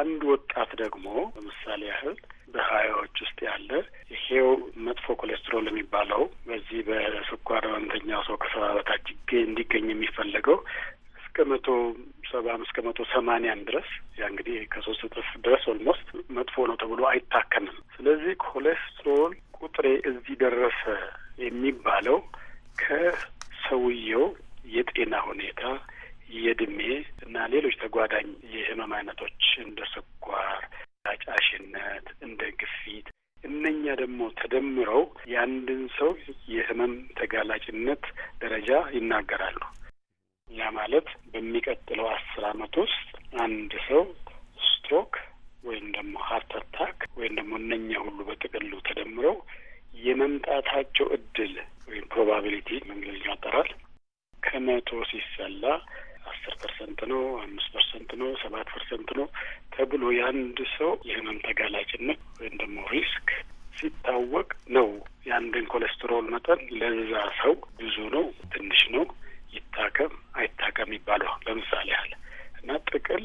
አንድ ወጣት ደግሞ ለምሳሌ ያህል በሀያዎች ውስጥ ያለ ይሄው መጥፎ ኮሌስትሮል የሚባለው በዚህ በስኳር ህመምተኛው ሰው ከሰባ በታች እንዲገኝ የሚፈለገው መቶ ሰባ እስከ መቶ ሰማንያን ድረስ ያ እንግዲህ ከሶስት እጥፍ ድረስ ኦልሞስት መጥፎ ነው ተብሎ አይታከምም። ስለዚህ ኮሌስትሮል ቁጥሬ እዚህ ደረሰ የሚባለው ከሰውየው የጤና ሁኔታ የእድሜ እና ሌሎች ተጓዳኝ የህመም አይነቶች እንደ ስኳር፣ አጫሽነት፣ እንደ ግፊት እነኛ ደግሞ ተደምረው የአንድን ሰው የህመም ተጋላጭነት ደረጃ ይናገራሉ። ያ ማለት በሚቀጥለው አስር አመት ውስጥ አንድ ሰው ስትሮክ ወይም ደግሞ ሀርት አታክ ወይም ደግሞ እነኛ ሁሉ በጥቅሉ ተደምረው የመምጣታቸው እድል ወይም ፕሮባቢሊቲ መንግለኛ አጠራል ከመቶ ሲሰላ አስር ፐርሰንት ነው፣ አምስት ፐርሰንት ነው፣ ሰባት ፐርሰንት ነው ተብሎ የአንድ ሰው የህመም ተጋላጭነት ወይም ደግሞ ሪስክ ሲታወቅ ነው። የአንድን ኮሌስትሮል መጠን ለዛ ሰው ብዙ ነው፣ ትንሽ ነው ይታከም አይታከም ይባለዋ ለምሳሌ ያህል እና ጥቅል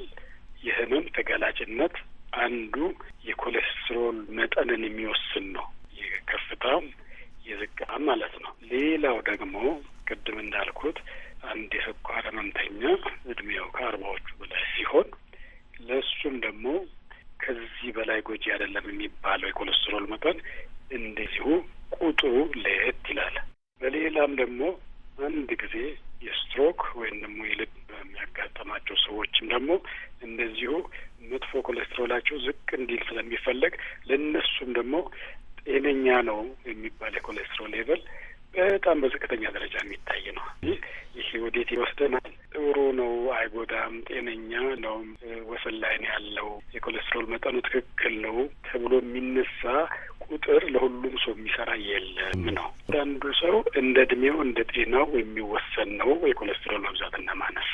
የህመም ተጋላጭነት አንዱ የኮሌስትሮል መጠንን የሚወስን ነው። የከፍታም የዝቅታም ማለት ነው። ሌላው ደግሞ ቅድም እንዳልኩት አንድ የስኳር ህመምተኛ እድሜው ከአርባዎቹ በላይ ሲሆን ለእሱም ደግሞ ከዚህ በላይ ጎጂ አይደለም የሚባለው የኮሌስትሮል መጠን እንደዚሁ ቁጥሩ ለየት ይላል። በሌላም ደግሞ አንድ ጊዜ የስትሮክ ወይም ደግሞ የልብ የሚያጋጠማቸው ሰዎችም ደግሞ እንደዚሁ መጥፎ ኮሌስትሮላቸው ዝቅ እንዲል ስለሚፈለግ ለእነሱም ደግሞ ጤነኛ ነው የሚባል የኮሌስትሮል ሌቨል በጣም በዝቅተኛ ደረጃ የሚታይ ነው። ይህ ወዴት ይወስደናል? ጥሩ ነው፣ አይጎዳም፣ ጤነኛ ነው፣ ወሰን ላይ ነው ያለው፣ የኮሌስትሮል መጠኑ ትክክል ነው ተብሎ የሚነሳ ቁጥር ለሁሉም ሰው የሚሰራ የለም ነው። አንዳንዱ ሰው እንደ እድሜው እንደ ጤናው የሚወሰን ነው። የኮሌስትሮል መብዛትና ማነስ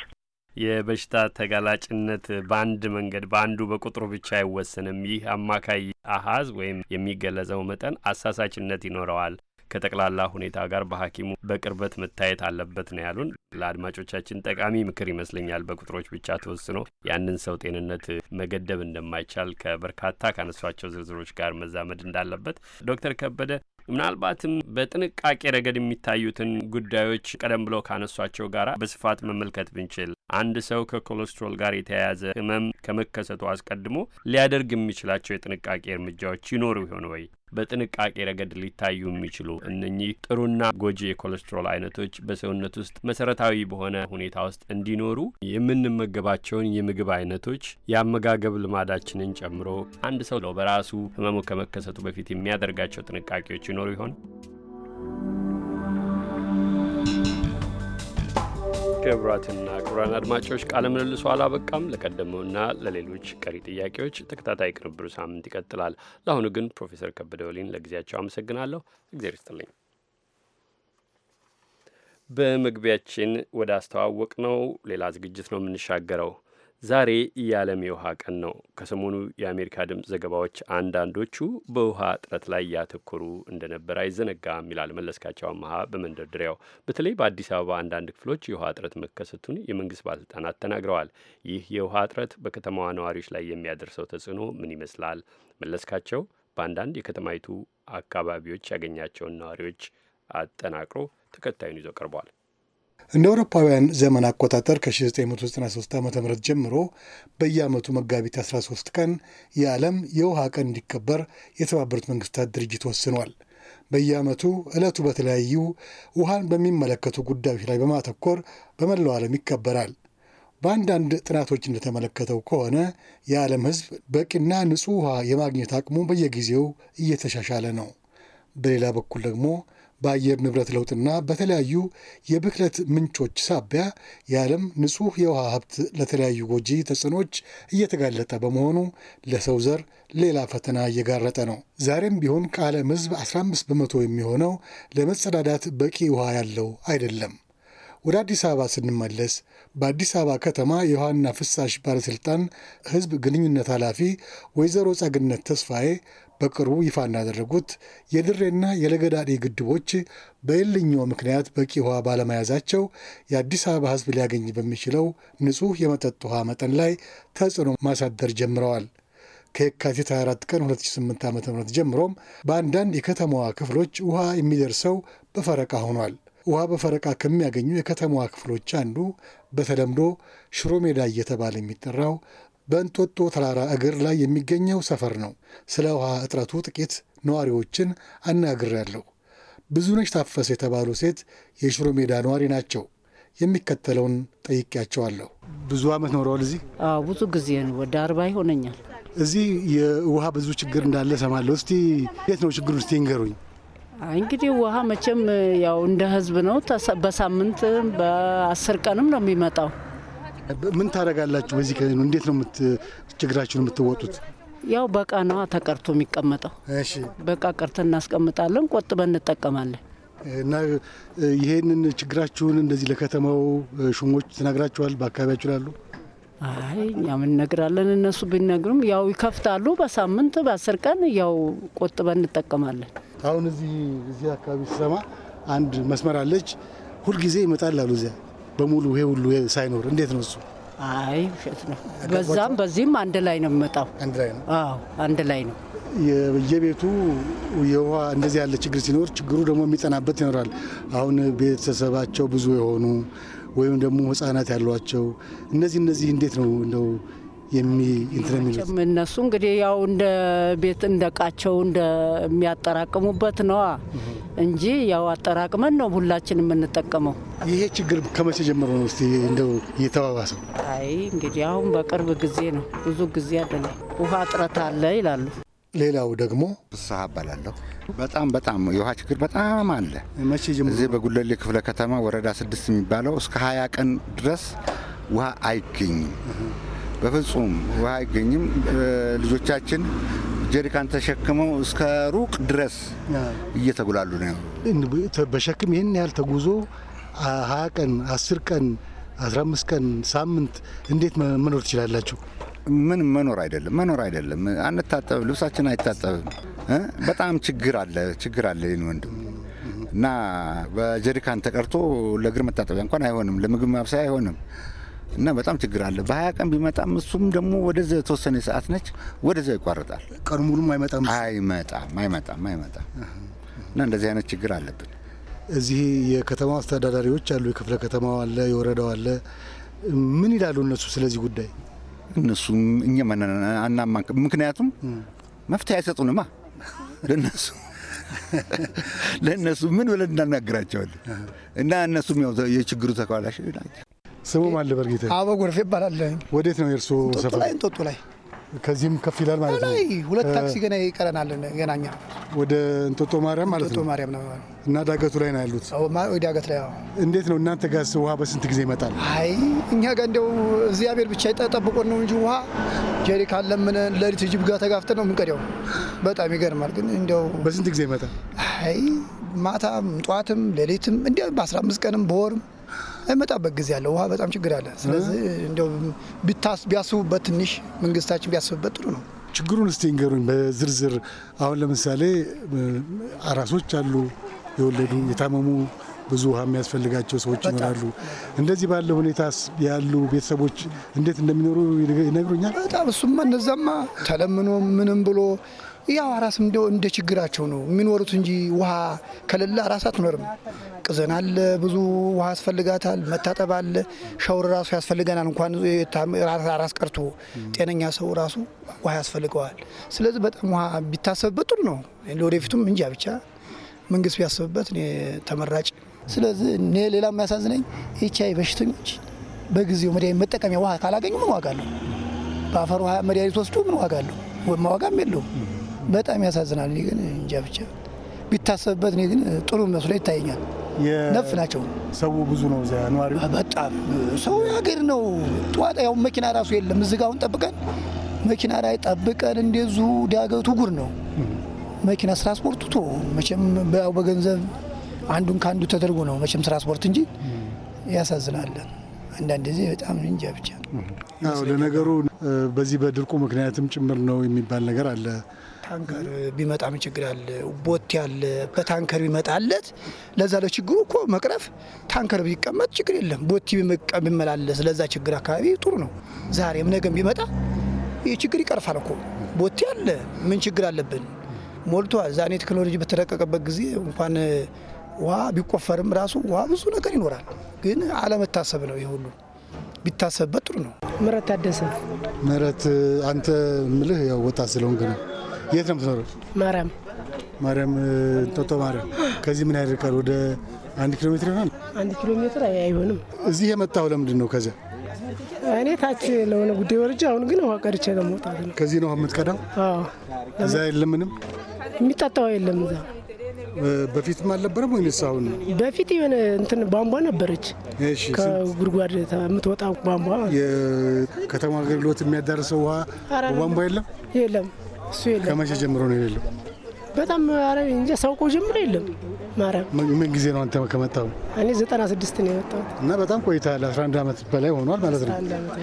የበሽታ ተጋላጭነት በአንድ መንገድ በአንዱ በቁጥሩ ብቻ አይወሰንም። ይህ አማካይ አሀዝ ወይም የሚገለጸው መጠን አሳሳችነት ይኖረዋል። ከጠቅላላ ሁኔታ ጋር በሐኪሙ በቅርበት መታየት አለበት ነው ያሉን። ለአድማጮቻችን ጠቃሚ ምክር ይመስለኛል። በቁጥሮች ብቻ ተወስኖ ያንን ሰው ጤንነት መገደብ እንደማይቻል ከበርካታ ካነሷቸው ዝርዝሮች ጋር መዛመድ እንዳለበት ዶክተር ከበደ ምናልባትም በጥንቃቄ ረገድ የሚታዩትን ጉዳዮች ቀደም ብሎ ካነሷቸው ጋር በስፋት መመልከት ብንችል አንድ ሰው ከኮሌስትሮል ጋር የተያያዘ ህመም ከመከሰቱ አስቀድሞ ሊያደርግ የሚችላቸው የጥንቃቄ እርምጃዎች ይኖሩ ይሆን ወይ? በጥንቃቄ ረገድ ሊታዩ የሚችሉ እነኚህ ጥሩና ጎጂ የኮሌስትሮል አይነቶች በሰውነት ውስጥ መሰረታዊ በሆነ ሁኔታ ውስጥ እንዲኖሩ የምንመገባቸውን የምግብ አይነቶች የአመጋገብ ልማዳችንን ጨምሮ አንድ ሰው በራሱ ህመሙ ከመከሰቱ በፊት የሚያደርጋቸው ጥንቃቄዎች ይኖሩ ይሆን? ክቡራትና ክቡራን አድማጮች ቃለ ምልልሱ አላበቃም። ለቀደመውና ለሌሎች ቀሪ ጥያቄዎች ተከታታይ ቅንብሩ ሳምንት ይቀጥላል። ለአሁኑ ግን ፕሮፌሰር ከበደ ወሊን ለጊዜያቸው አመሰግናለሁ። እግዜር ይስጥልኝ። በመግቢያችን ወደ አስተዋወቅ ነው ሌላ ዝግጅት ነው የምንሻገረው። ዛሬ የዓለም የውሃ ቀን ነው። ከሰሞኑ የአሜሪካ ድምፅ ዘገባዎች አንዳንዶቹ በውሃ እጥረት ላይ እያተኮሩ እንደነበር አይዘነጋም ይላል መለስካቸው አመሃ በመንደርደሪያው። በተለይ በአዲስ አበባ አንዳንድ ክፍሎች የውሃ እጥረት መከሰቱን የመንግስት ባለስልጣናት ተናግረዋል። ይህ የውሃ እጥረት በከተማዋ ነዋሪዎች ላይ የሚያደርሰው ተጽዕኖ ምን ይመስላል? መለስካቸው በአንዳንድ የከተማይቱ አካባቢዎች ያገኛቸውን ነዋሪዎች አጠናቅሮ ተከታዩን ይዞ ቀርቧል። እንደ አውሮፓውያን ዘመን አቆጣጠር ከ1993 ዓ ም ጀምሮ በየዓመቱ መጋቢት 13 ቀን የዓለም የውሃ ቀን እንዲከበር የተባበሩት መንግስታት ድርጅት ወስኗል። በየዓመቱ ዕለቱ በተለያዩ ውሃን በሚመለከቱ ጉዳዮች ላይ በማተኮር በመላው ዓለም ይከበራል። በአንዳንድ ጥናቶች እንደተመለከተው ከሆነ የዓለም ሕዝብ በቂና ንጹሕ ውሃ የማግኘት አቅሙ በየጊዜው እየተሻሻለ ነው። በሌላ በኩል ደግሞ በአየር ንብረት ለውጥና በተለያዩ የብክለት ምንጮች ሳቢያ የዓለም ንጹህ የውሃ ሀብት ለተለያዩ ጎጂ ተጽዕኖች እየተጋለጠ በመሆኑ ለሰው ዘር ሌላ ፈተና እየጋረጠ ነው። ዛሬም ቢሆን ከዓለም ሕዝብ 15 በመቶ የሚሆነው ለመጸዳዳት በቂ ውሃ ያለው አይደለም። ወደ አዲስ አበባ ስንመለስ በአዲስ አበባ ከተማ የውሃና ፍሳሽ ባለሥልጣን ሕዝብ ግንኙነት ኃላፊ ወይዘሮ ጸግነት ተስፋዬ በቅርቡ ይፋ እንዳደረጉት የድሬና የለገዳዴ ግድቦች በኤልኞ ምክንያት በቂ ውሃ ባለመያዛቸው የአዲስ አበባ ሕዝብ ሊያገኝ በሚችለው ንጹህ የመጠጥ ውሃ መጠን ላይ ተጽዕኖ ማሳደር ጀምረዋል። ከየካቲት 24 ቀን 2008 ዓ ም ጀምሮም በአንዳንድ የከተማዋ ክፍሎች ውሃ የሚደርሰው በፈረቃ ሆኗል። ውሃ በፈረቃ ከሚያገኙ የከተማዋ ክፍሎች አንዱ በተለምዶ ሽሮ ሜዳ እየተባለ የሚጠራው በእንጦጦ ተራራ እግር ላይ የሚገኘው ሰፈር ነው። ስለ ውሃ እጥረቱ ጥቂት ነዋሪዎችን አናግሬያለሁ። ብዙነሽ ታፈስ የተባሉ ሴት የሽሮ ሜዳ ነዋሪ ናቸው። የሚከተለውን ጠይቄያቸዋለሁ። ብዙ ዓመት ኖረዋል እዚህ? አዎ ብዙ ጊዜ ነው፣ ወደ አርባ ይሆነኛል። እዚህ የውሃ ብዙ ችግር እንዳለ ሰማለሁ። እስቲ እንዴት ነው ችግሩ? እስቲ ይንገሩኝ። እንግዲህ ውሃ መቼም ያው እንደ ህዝብ ነው፣ በሳምንት በአስር ቀንም ነው የሚመጣው ምን ታደርጋላችሁ? በዚህ እንዴት ነው ችግራችሁን የምትወጡት? ያው በቃ ነዋ ተቀርቶ የሚቀመጠው። እሺ በቃ ቀርተን እናስቀምጣለን፣ ቆጥበን እንጠቀማለን። እና ይሄንን ችግራችሁን እንደዚህ ለከተማው ሹሞች ተናግራችኋል? በአካባቢያችሁ ላሉ? አይ እኛም እንነግራለን። እነሱ ቢነግሩም ያው ይከፍታሉ። በሳምንት በአስር ቀን ያው ቆጥበን እንጠቀማለን። አሁን እዚህ እዚህ አካባቢ ስሰማ አንድ መስመር አለች፣ ሁልጊዜ ይመጣል አሉ እዚያ በሙሉ ይሄ ሁሉ ሳይኖር እንዴት ነው እሱ? አይ ውሸት ነው። በዛም በዚህም አንድ ላይ ነው የሚመጣው። አንድ ላይ ነው። አዎ አንድ ላይ ነው። የየቤቱ የውሃ እንደዚህ ያለ ችግር ሲኖር ችግሩ ደግሞ የሚጠናበት ይኖራል። አሁን ቤተሰባቸው ብዙ የሆኑ ወይም ደግሞ ህጻናት ያሏቸው እነዚህ እነዚህ እንዴት ነው እንደው የሚንትለሚሉት እነሱ እንግዲህ ያው እንደ ቤት እንደ እቃቸው እንደሚያጠራቅሙበት ነዋ እንጂ ያው አጠራቅመን ነው ሁላችን የምንጠቀመው። ይሄ ችግር ከመቼ ጀምሮ ነው እስቲ እንደው እየተባባሰው? አይ እንግዲህ አሁን በቅርብ ጊዜ ነው። ብዙ ጊዜ አደለ። ውሃ እጥረት አለ ይላሉ። ሌላው ደግሞ ፍስሀ እባላለሁ። በጣም በጣም የውሃ ችግር በጣም አለ። እዚህ በጉለሌ ክፍለ ከተማ ወረዳ ስድስት የሚባለው እስከ ሀያ ቀን ድረስ ውሃ አይገኝም። በፍጹም ውሃ አይገኝም። ልጆቻችን ጀሪካን ተሸክመው እስከ ሩቅ ድረስ እየተጉላሉ ነው። በሸክም ይህን ያህል ተጉዞ ሀያ ቀን አስር ቀን አስራ አምስት ቀን ሳምንት እንዴት መኖር ትችላላችሁ? ምን መኖር አይደለም መኖር አይደለም። አንታጠብ ልብሳችን አይታጠብም። በጣም ችግር አለ ችግር አለ ይህን ወንድም እና በጀሪካን ተቀርቶ ለእግር መታጠቢያ እንኳን አይሆንም፣ ለምግብ ማብሰያ አይሆንም። እና በጣም ችግር አለ። በሀያ ቀን ቢመጣም እሱም ደግሞ ወደዛ የተወሰነ ሰዓት ነች፣ ወደዛ ይቋረጣል። ቀኑ ሙሉም አይመጣም አይመጣም አይመጣም አይመጣም። እና እንደዚህ አይነት ችግር አለብን። እዚህ የከተማ አስተዳዳሪዎች አሉ፣ የክፍለ ከተማው አለ፣ የወረዳው አለ። ምን ይላሉ እነሱ ስለዚህ ጉዳይ? እነሱ እኛም ምክንያቱም መፍትሄ አይሰጡንማ ለነሱ ለእነሱ ምን ብለን እናናግራቸዋለን? እና እነሱም ያው የችግሩ ተካላሽ ናቸው። ስሙ ማን ልበል? ጌታ አበ ጎርፌ ይባላል። ወዴት ነው የእርሱ ሰፈር? ላይ እንጦጦ ላይ። ከዚህም ከፍ ይላል ማለት ነው። ሁለት ታክሲ ገና ይቀረናል። ገናኛ ወደ እንጦጦ ማርያም ማለት ነው። እንጦጦ ማርያም ነው እና ዳገቱ ላይ ነው ያሉት። ዳገት ላይ እንዴት ነው እናንተ ጋስ ውሃ በስንት ጊዜ ይመጣል? አይ እኛ ጋር እንደው እግዚአብሔር ብቻ ይጠብቆን ነው እንጂ ውሃ ጀሪካን ለምነን ለሊት ጅብ ጋር ተጋፍተን ነው የምንቀዳው። በጣም ይገርማል። ግን እንደው በስንት ጊዜ ይመጣል? አይ ማታም፣ ጠዋትም፣ ሌሊትም እንዲያው በ15 ቀንም በወርም አይመጣበት ጊዜ አለ። ውሃ በጣም ችግር አለ። ስለዚህ እንዲያው ቢያስቡበት ትንሽ መንግስታችን ቢያስብበት ጥሩ ነው። ችግሩን እስቲ ንገሩኝ በዝርዝር። አሁን ለምሳሌ አራሶች አሉ፣ የወለዱ የታመሙ ብዙ ውሃ የሚያስፈልጋቸው ሰዎች ይኖራሉ። እንደዚህ ባለ ሁኔታ ያሉ ቤተሰቦች እንዴት እንደሚኖሩ ይነግሩኛል። በጣም እሱማ እነዛማ ተለምኖ ምንም ብሎ ያው አራስ እንደው እንደ ችግራቸው ነው የሚኖሩት እንጂ ውሃ ከሌለ አራስ አትኖርም። ቅዘን አለ፣ ብዙ ውሃ ያስፈልጋታል፣ መታጠብ አለ፣ ሻውር ራሱ ያስፈልገናል። እንኳን አራስ ቀርቶ ጤነኛ ሰው ራሱ ውሃ ያስፈልገዋል። ስለዚህ በጣም ውሃ ቢታሰብበት ጥሩ ነው። ለወደፊቱም እንጃ ብቻ መንግስት ቢያስብበት ተመራጭ። ስለዚህ እኔ ሌላ የሚያሳዝነኝ ኤች አይ በሽተኞች በጊዜው መድኃኒት መጠቀሚያ ውሃ ካላገኙ ምን ዋጋ አለው? በአፈር ውሃ መድኃኒት ወስዶ ምን ዋጋ አለው? መዋጋም የለውም። በጣም ያሳዝናል። እኔ ግን እንጃ ብቻ ቢታሰብበት እኔ ግን ጥሩ መስሎ ይታየኛል። ነፍ ናቸው። ሰው ብዙ ነው እዚያ ነዋሪ፣ በጣም ሰው ሀገር ነው። ጠዋት ያው መኪና ራሱ የለም። እዚህ ጋር አሁን ጠብቀን መኪና ላይ ጠብቀን እንደዚሁ ዳገቱ ጉር ነው። መኪና ትራንስፖርቱ ቶ መቼም ያው በገንዘብ አንዱን ከአንዱ ተደርጎ ነው መቼም ትራንስፖርት እንጂ ያሳዝናለን። አንዳንድ ጊዜ በጣም እንጃ ብቻ። ለነገሩ በዚህ በድርቁ ምክንያትም ጭምር ነው የሚባል ነገር አለ። ታንከር ቢመጣ ምን ችግር አለ? ቦቴ አለ። በታንከር ቢመጣለት ለዛ ለችግሩ እኮ መቅረፍ ታንከር ቢቀመጥ ችግር የለም። ቦቴ ቢመላለስ ለዛ ችግር አካባቢ ጥሩ ነው። ዛሬም ነገም ቢመጣ ይህ ችግር ይቀርፋል እኮ ቦቴ አለ። ምን ችግር አለብን? ሞልቷል። ዛኔ ቴክኖሎጂ በተረቀቀበት ጊዜ እንኳን ውሃ ቢቆፈርም ራሱ ውሃ ብዙ ነገር ይኖራል። ግን አለመታሰብ ነው። ይህ ሁሉ ቢታሰብበት ጥሩ ነው። ምረት ታደሰ ምረት አንተ ምልህ ያው ወጣት ስለሆንክ ነው የት ነው የምትኖረው? ማርያም ማርያም ቶቶ ማርያም። ከዚህ ምን ያህል ወደ አንድ ኪሎ ሜትር ይሆናል። አንድ ኪሎ ሜትር አይሆንም። እዚህ የመጣው ለምንድን ነው? ከዚያ እኔ ታች ለሆነ ጉዳይ ወርጄ፣ አሁን ግን ውሃ ቀድቼ ለመውጣት ነው። ከዚህ ነው የምትቀዳው? እዛ የለም ምንም የሚጠጣው የለም እዛ በፊትም አልነበረም ንስ አሁን በፊት የሆነ እንትን ቧንቧ ነበረች፣ ከጉድጓድ የምትወጣ ቧንቧ። የከተማ አገልግሎት የሚያዳርሰው ውሃ ቧንቧ የለም የለም። እሱ የለም። ከመቼ ጀምሮ ነው የሌለው? በጣም ኧረ እንጃ ሳውቀው ጀምሮ የለም። ማርያም ምን ጊዜ ነው አንተ ከመጣው? እኔ ዘጠና ስድስት ነው የመጣሁት እና በጣም ቆይተሃል። አስራ አንድ ዓመት በላይ ሆኗል ማለት ነው።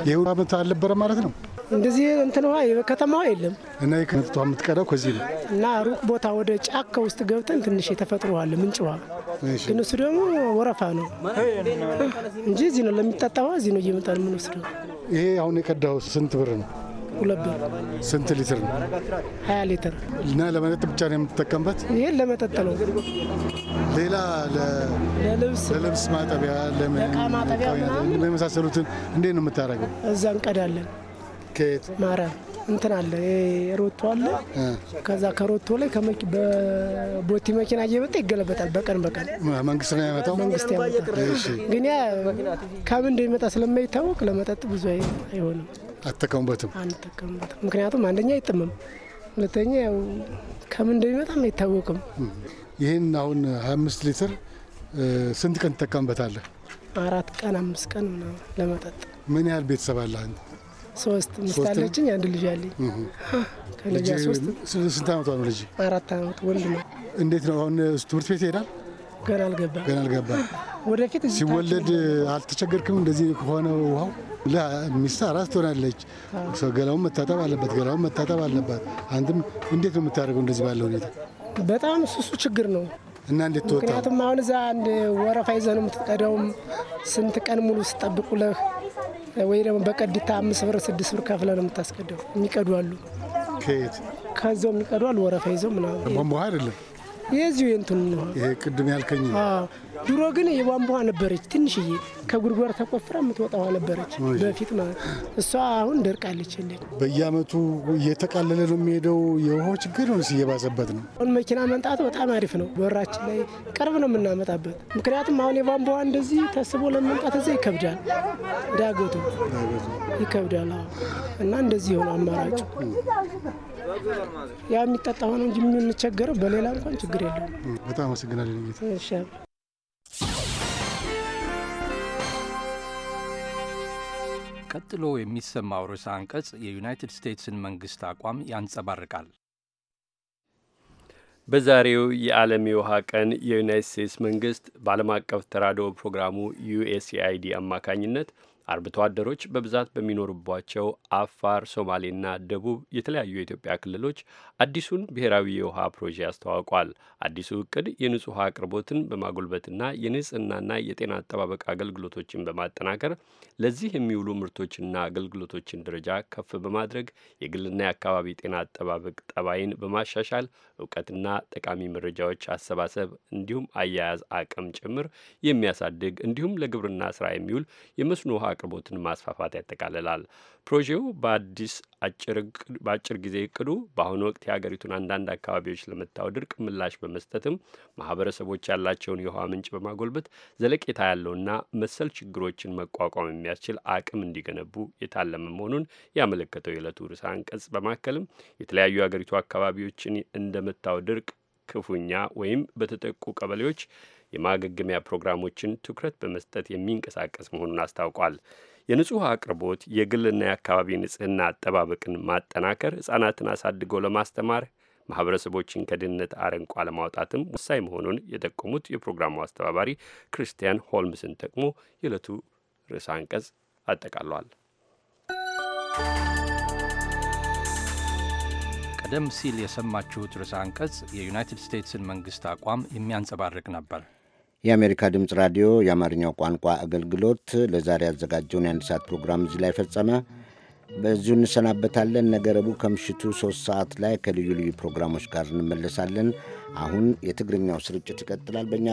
ይህ ዓመት አልነበረም ማለት ነው። እንደዚህ እንትን ውሃ ከተማዋ የለም እና ከመጥቶ የምትቀዳው ከዚህ ነው እና ሩቅ ቦታ ወደ ጫካ ውስጥ ገብተን ትንሽ የተፈጥሮ ውሃ ምንጭ ውሃ ግን እሱ ደግሞ ወረፋ ነው እንጂ እዚህ ነው ለሚጠጣ ውሃ እዚህ ነው እየመጣ ምንወስደው። ይሄ አሁን የቀዳው ስንት ብር ነው? ሁለት ስንት ሊትር ነው? ሀያ ሊትር እና ለመጠጥ ብቻ ነው የምትጠቀምበት? ይህን ለመጠጥ ነው። ሌላ ለልብስ ማጠቢያ፣ ለመሳሰሉትን እንዴ እንዴት ነው የምታደርገው? እዛ እንቀዳለን። ከየት ማረ እንትን አለ ሮቶ አለ። ከዛ ከሮቶ ላይ በቦቲ መኪና እየመጣ ይገለበጣል። በቀን በቀን መንግስት ነው ያመጣው። መንግስት ያመጣ ግን ከምን እንደሚመጣ ስለማይታወቅ ለመጠጥ ብዙ አይሆንም። አትጠቀሙበትም? አንጠቀሙበትም። ምክንያቱም አንደኛ አይጥምም፣ ሁለተኛ ያው ከምን እንደሚመጣም አይታወቅም። ይህን አሁን ሀያ አምስት ሊትር ስንት ቀን ትጠቀምበታለህ? አራት ቀን አምስት ቀን ምናምን ለመጠጥ። ምን ያህል ቤተሰብ አለ? አንድ ሶስት ምስታለችኝ አንድ ልጅ አለኝ። ስንት አመቷ ነው ልጅ? አራት አመት ወንድ ነው። እንዴት ነው አሁን ትምህርት ቤት ይሄዳል? ገና አልገባ ገና አልገባ። ወደፊት ሲወለድ አልተቸገርክም? እንደዚህ ከሆነ ውሃው ሚስት አራስ ትሆናለች። ገላውን መታጠብ አለበት፣ ገላውን መታጠብ አለባት። አንድም እንዴት ነው የምታደርገው እንደዚህ ባለ ሁኔታ? በጣም ስሱ ችግር ነው እና እንዴት ትወጣ? ምክንያቱም አሁን እዛ አንድ ወረፋ ይዘህ ነው የምትቀዳውም። ስንት ቀን ሙሉ ስጠብቁለህ ወይ ደግሞ በቀድታ አምስት ብር ስድስት ብር ከፍለ ነው የምታስቀደው። የሚቀዱ አሉ፣ ከየት ከዚው የሚቀዱ አሉ፣ ወረፋ ይዘው ምናምን። ቧንቧ አይደለም የዚሁ ይሄ ቅድም ያልከኝ ድሮ ግን የቧንቧ ነበረች ትንሽዬ ከጉድጓድ ተቆፍራ የምትወጣዋ ነበረች በፊት ማለት እሷ አሁን ደርቃለች። የለን በየአመቱ እየተቃለለ ነው የሚሄደው የውሃ ችግር ነው እየባሰበት ነው። አሁን መኪና መንጣት በጣም አሪፍ ነው። በራችን ላይ ቅርብ ነው የምናመጣበት። ምክንያቱም አሁን የቧንቧ እንደዚህ ተስቦ ለመምጣት እዛ ይከብዳል፣ ዳገቱ ይከብዳል እና እንደዚህ የሆነ አማራጭ ያ የሚጠጣ ሆነ እንጂ የምንቸገረው በሌላ እንኳን ችግር የለም። በጣም አመሰግናለሁ። ቀጥሎ የሚሰማው ርዕሰ አንቀጽ የዩናይትድ ስቴትስን መንግስት አቋም ያንጸባርቃል። በዛሬው የዓለም የውሃ ቀን የዩናይትድ ስቴትስ መንግስት በዓለም አቀፍ ተራድኦ ፕሮግራሙ ዩኤስኤአይዲ አማካኝነት አርብቶ አደሮች በብዛት በሚኖሩባቸው አፋር፣ ሶማሌና ደቡብ የተለያዩ የኢትዮጵያ ክልሎች አዲሱን ብሔራዊ የውሃ ፕሮጄ አስተዋውቋል። አዲሱ እቅድ የንጹህ ውሃ አቅርቦትን በማጎልበትና የንጽህናና የጤና አጠባበቅ አገልግሎቶችን በማጠናከር ለዚህ የሚውሉ ምርቶችና አገልግሎቶችን ደረጃ ከፍ በማድረግ የግልና የአካባቢ ጤና አጠባበቅ ጠባይን በማሻሻል እውቀትና ጠቃሚ መረጃዎች አሰባሰብ እንዲሁም አያያዝ አቅም ጭምር የሚያሳድግ እንዲሁም ለግብርና ስራ የሚውል የመስኖ ውሃ አቅርቦትን ማስፋፋት ያጠቃልላል። ፕሮጀው በአዲስ በአጭር ጊዜ እቅዱ በአሁኑ ወቅት የሀገሪቱን አንዳንድ አካባቢዎች ለመታው ድርቅ ምላሽ በመስጠትም ማህበረሰቦች ያላቸውን የውሃ ምንጭ በማጎልበት ዘለቄታ ያለውና መሰል ችግሮችን መቋቋም የሚያስችል አቅም እንዲገነቡ የታለመ መሆኑን ያመለከተው የዕለቱ ርዕሰ አንቀጽ በማከልም የተለያዩ የሀገሪቱ አካባቢዎችን እንደመታው ድርቅ ክፉኛ ወይም በተጠቁ ቀበሌዎች የማገገሚያ ፕሮግራሞችን ትኩረት በመስጠት የሚንቀሳቀስ መሆኑን አስታውቋል። የንጹህ አቅርቦት፣ የግልና የአካባቢ ንጽህና አጠባበቅን ማጠናከር፣ ህጻናትን አሳድጎ ለማስተማር ማህበረሰቦችን ከድህነት አረንቋ ለማውጣትም ወሳኝ መሆኑን የጠቆሙት የፕሮግራሙ አስተባባሪ ክርስቲያን ሆልምስን ጠቅሞ የዕለቱ ርዕሰ አንቀጽ አጠቃሏል። ቀደም ሲል የሰማችሁት ርዕሰ አንቀጽ የዩናይትድ ስቴትስን መንግስት አቋም የሚያንጸባርቅ ነበር። የአሜሪካ ድምፅ ራዲዮ የአማርኛው ቋንቋ አገልግሎት ለዛሬ ያዘጋጀውን የአንድ ሰዓት ፕሮግራም እዚህ ላይ ፈጸመ። በዚሁ እንሰናበታለን። ነገ ረቡዕ ከምሽቱ ሶስት ሰዓት ላይ ከልዩ ልዩ ፕሮግራሞች ጋር እንመለሳለን። አሁን የትግርኛው ስርጭት ይቀጥላል። በእኛ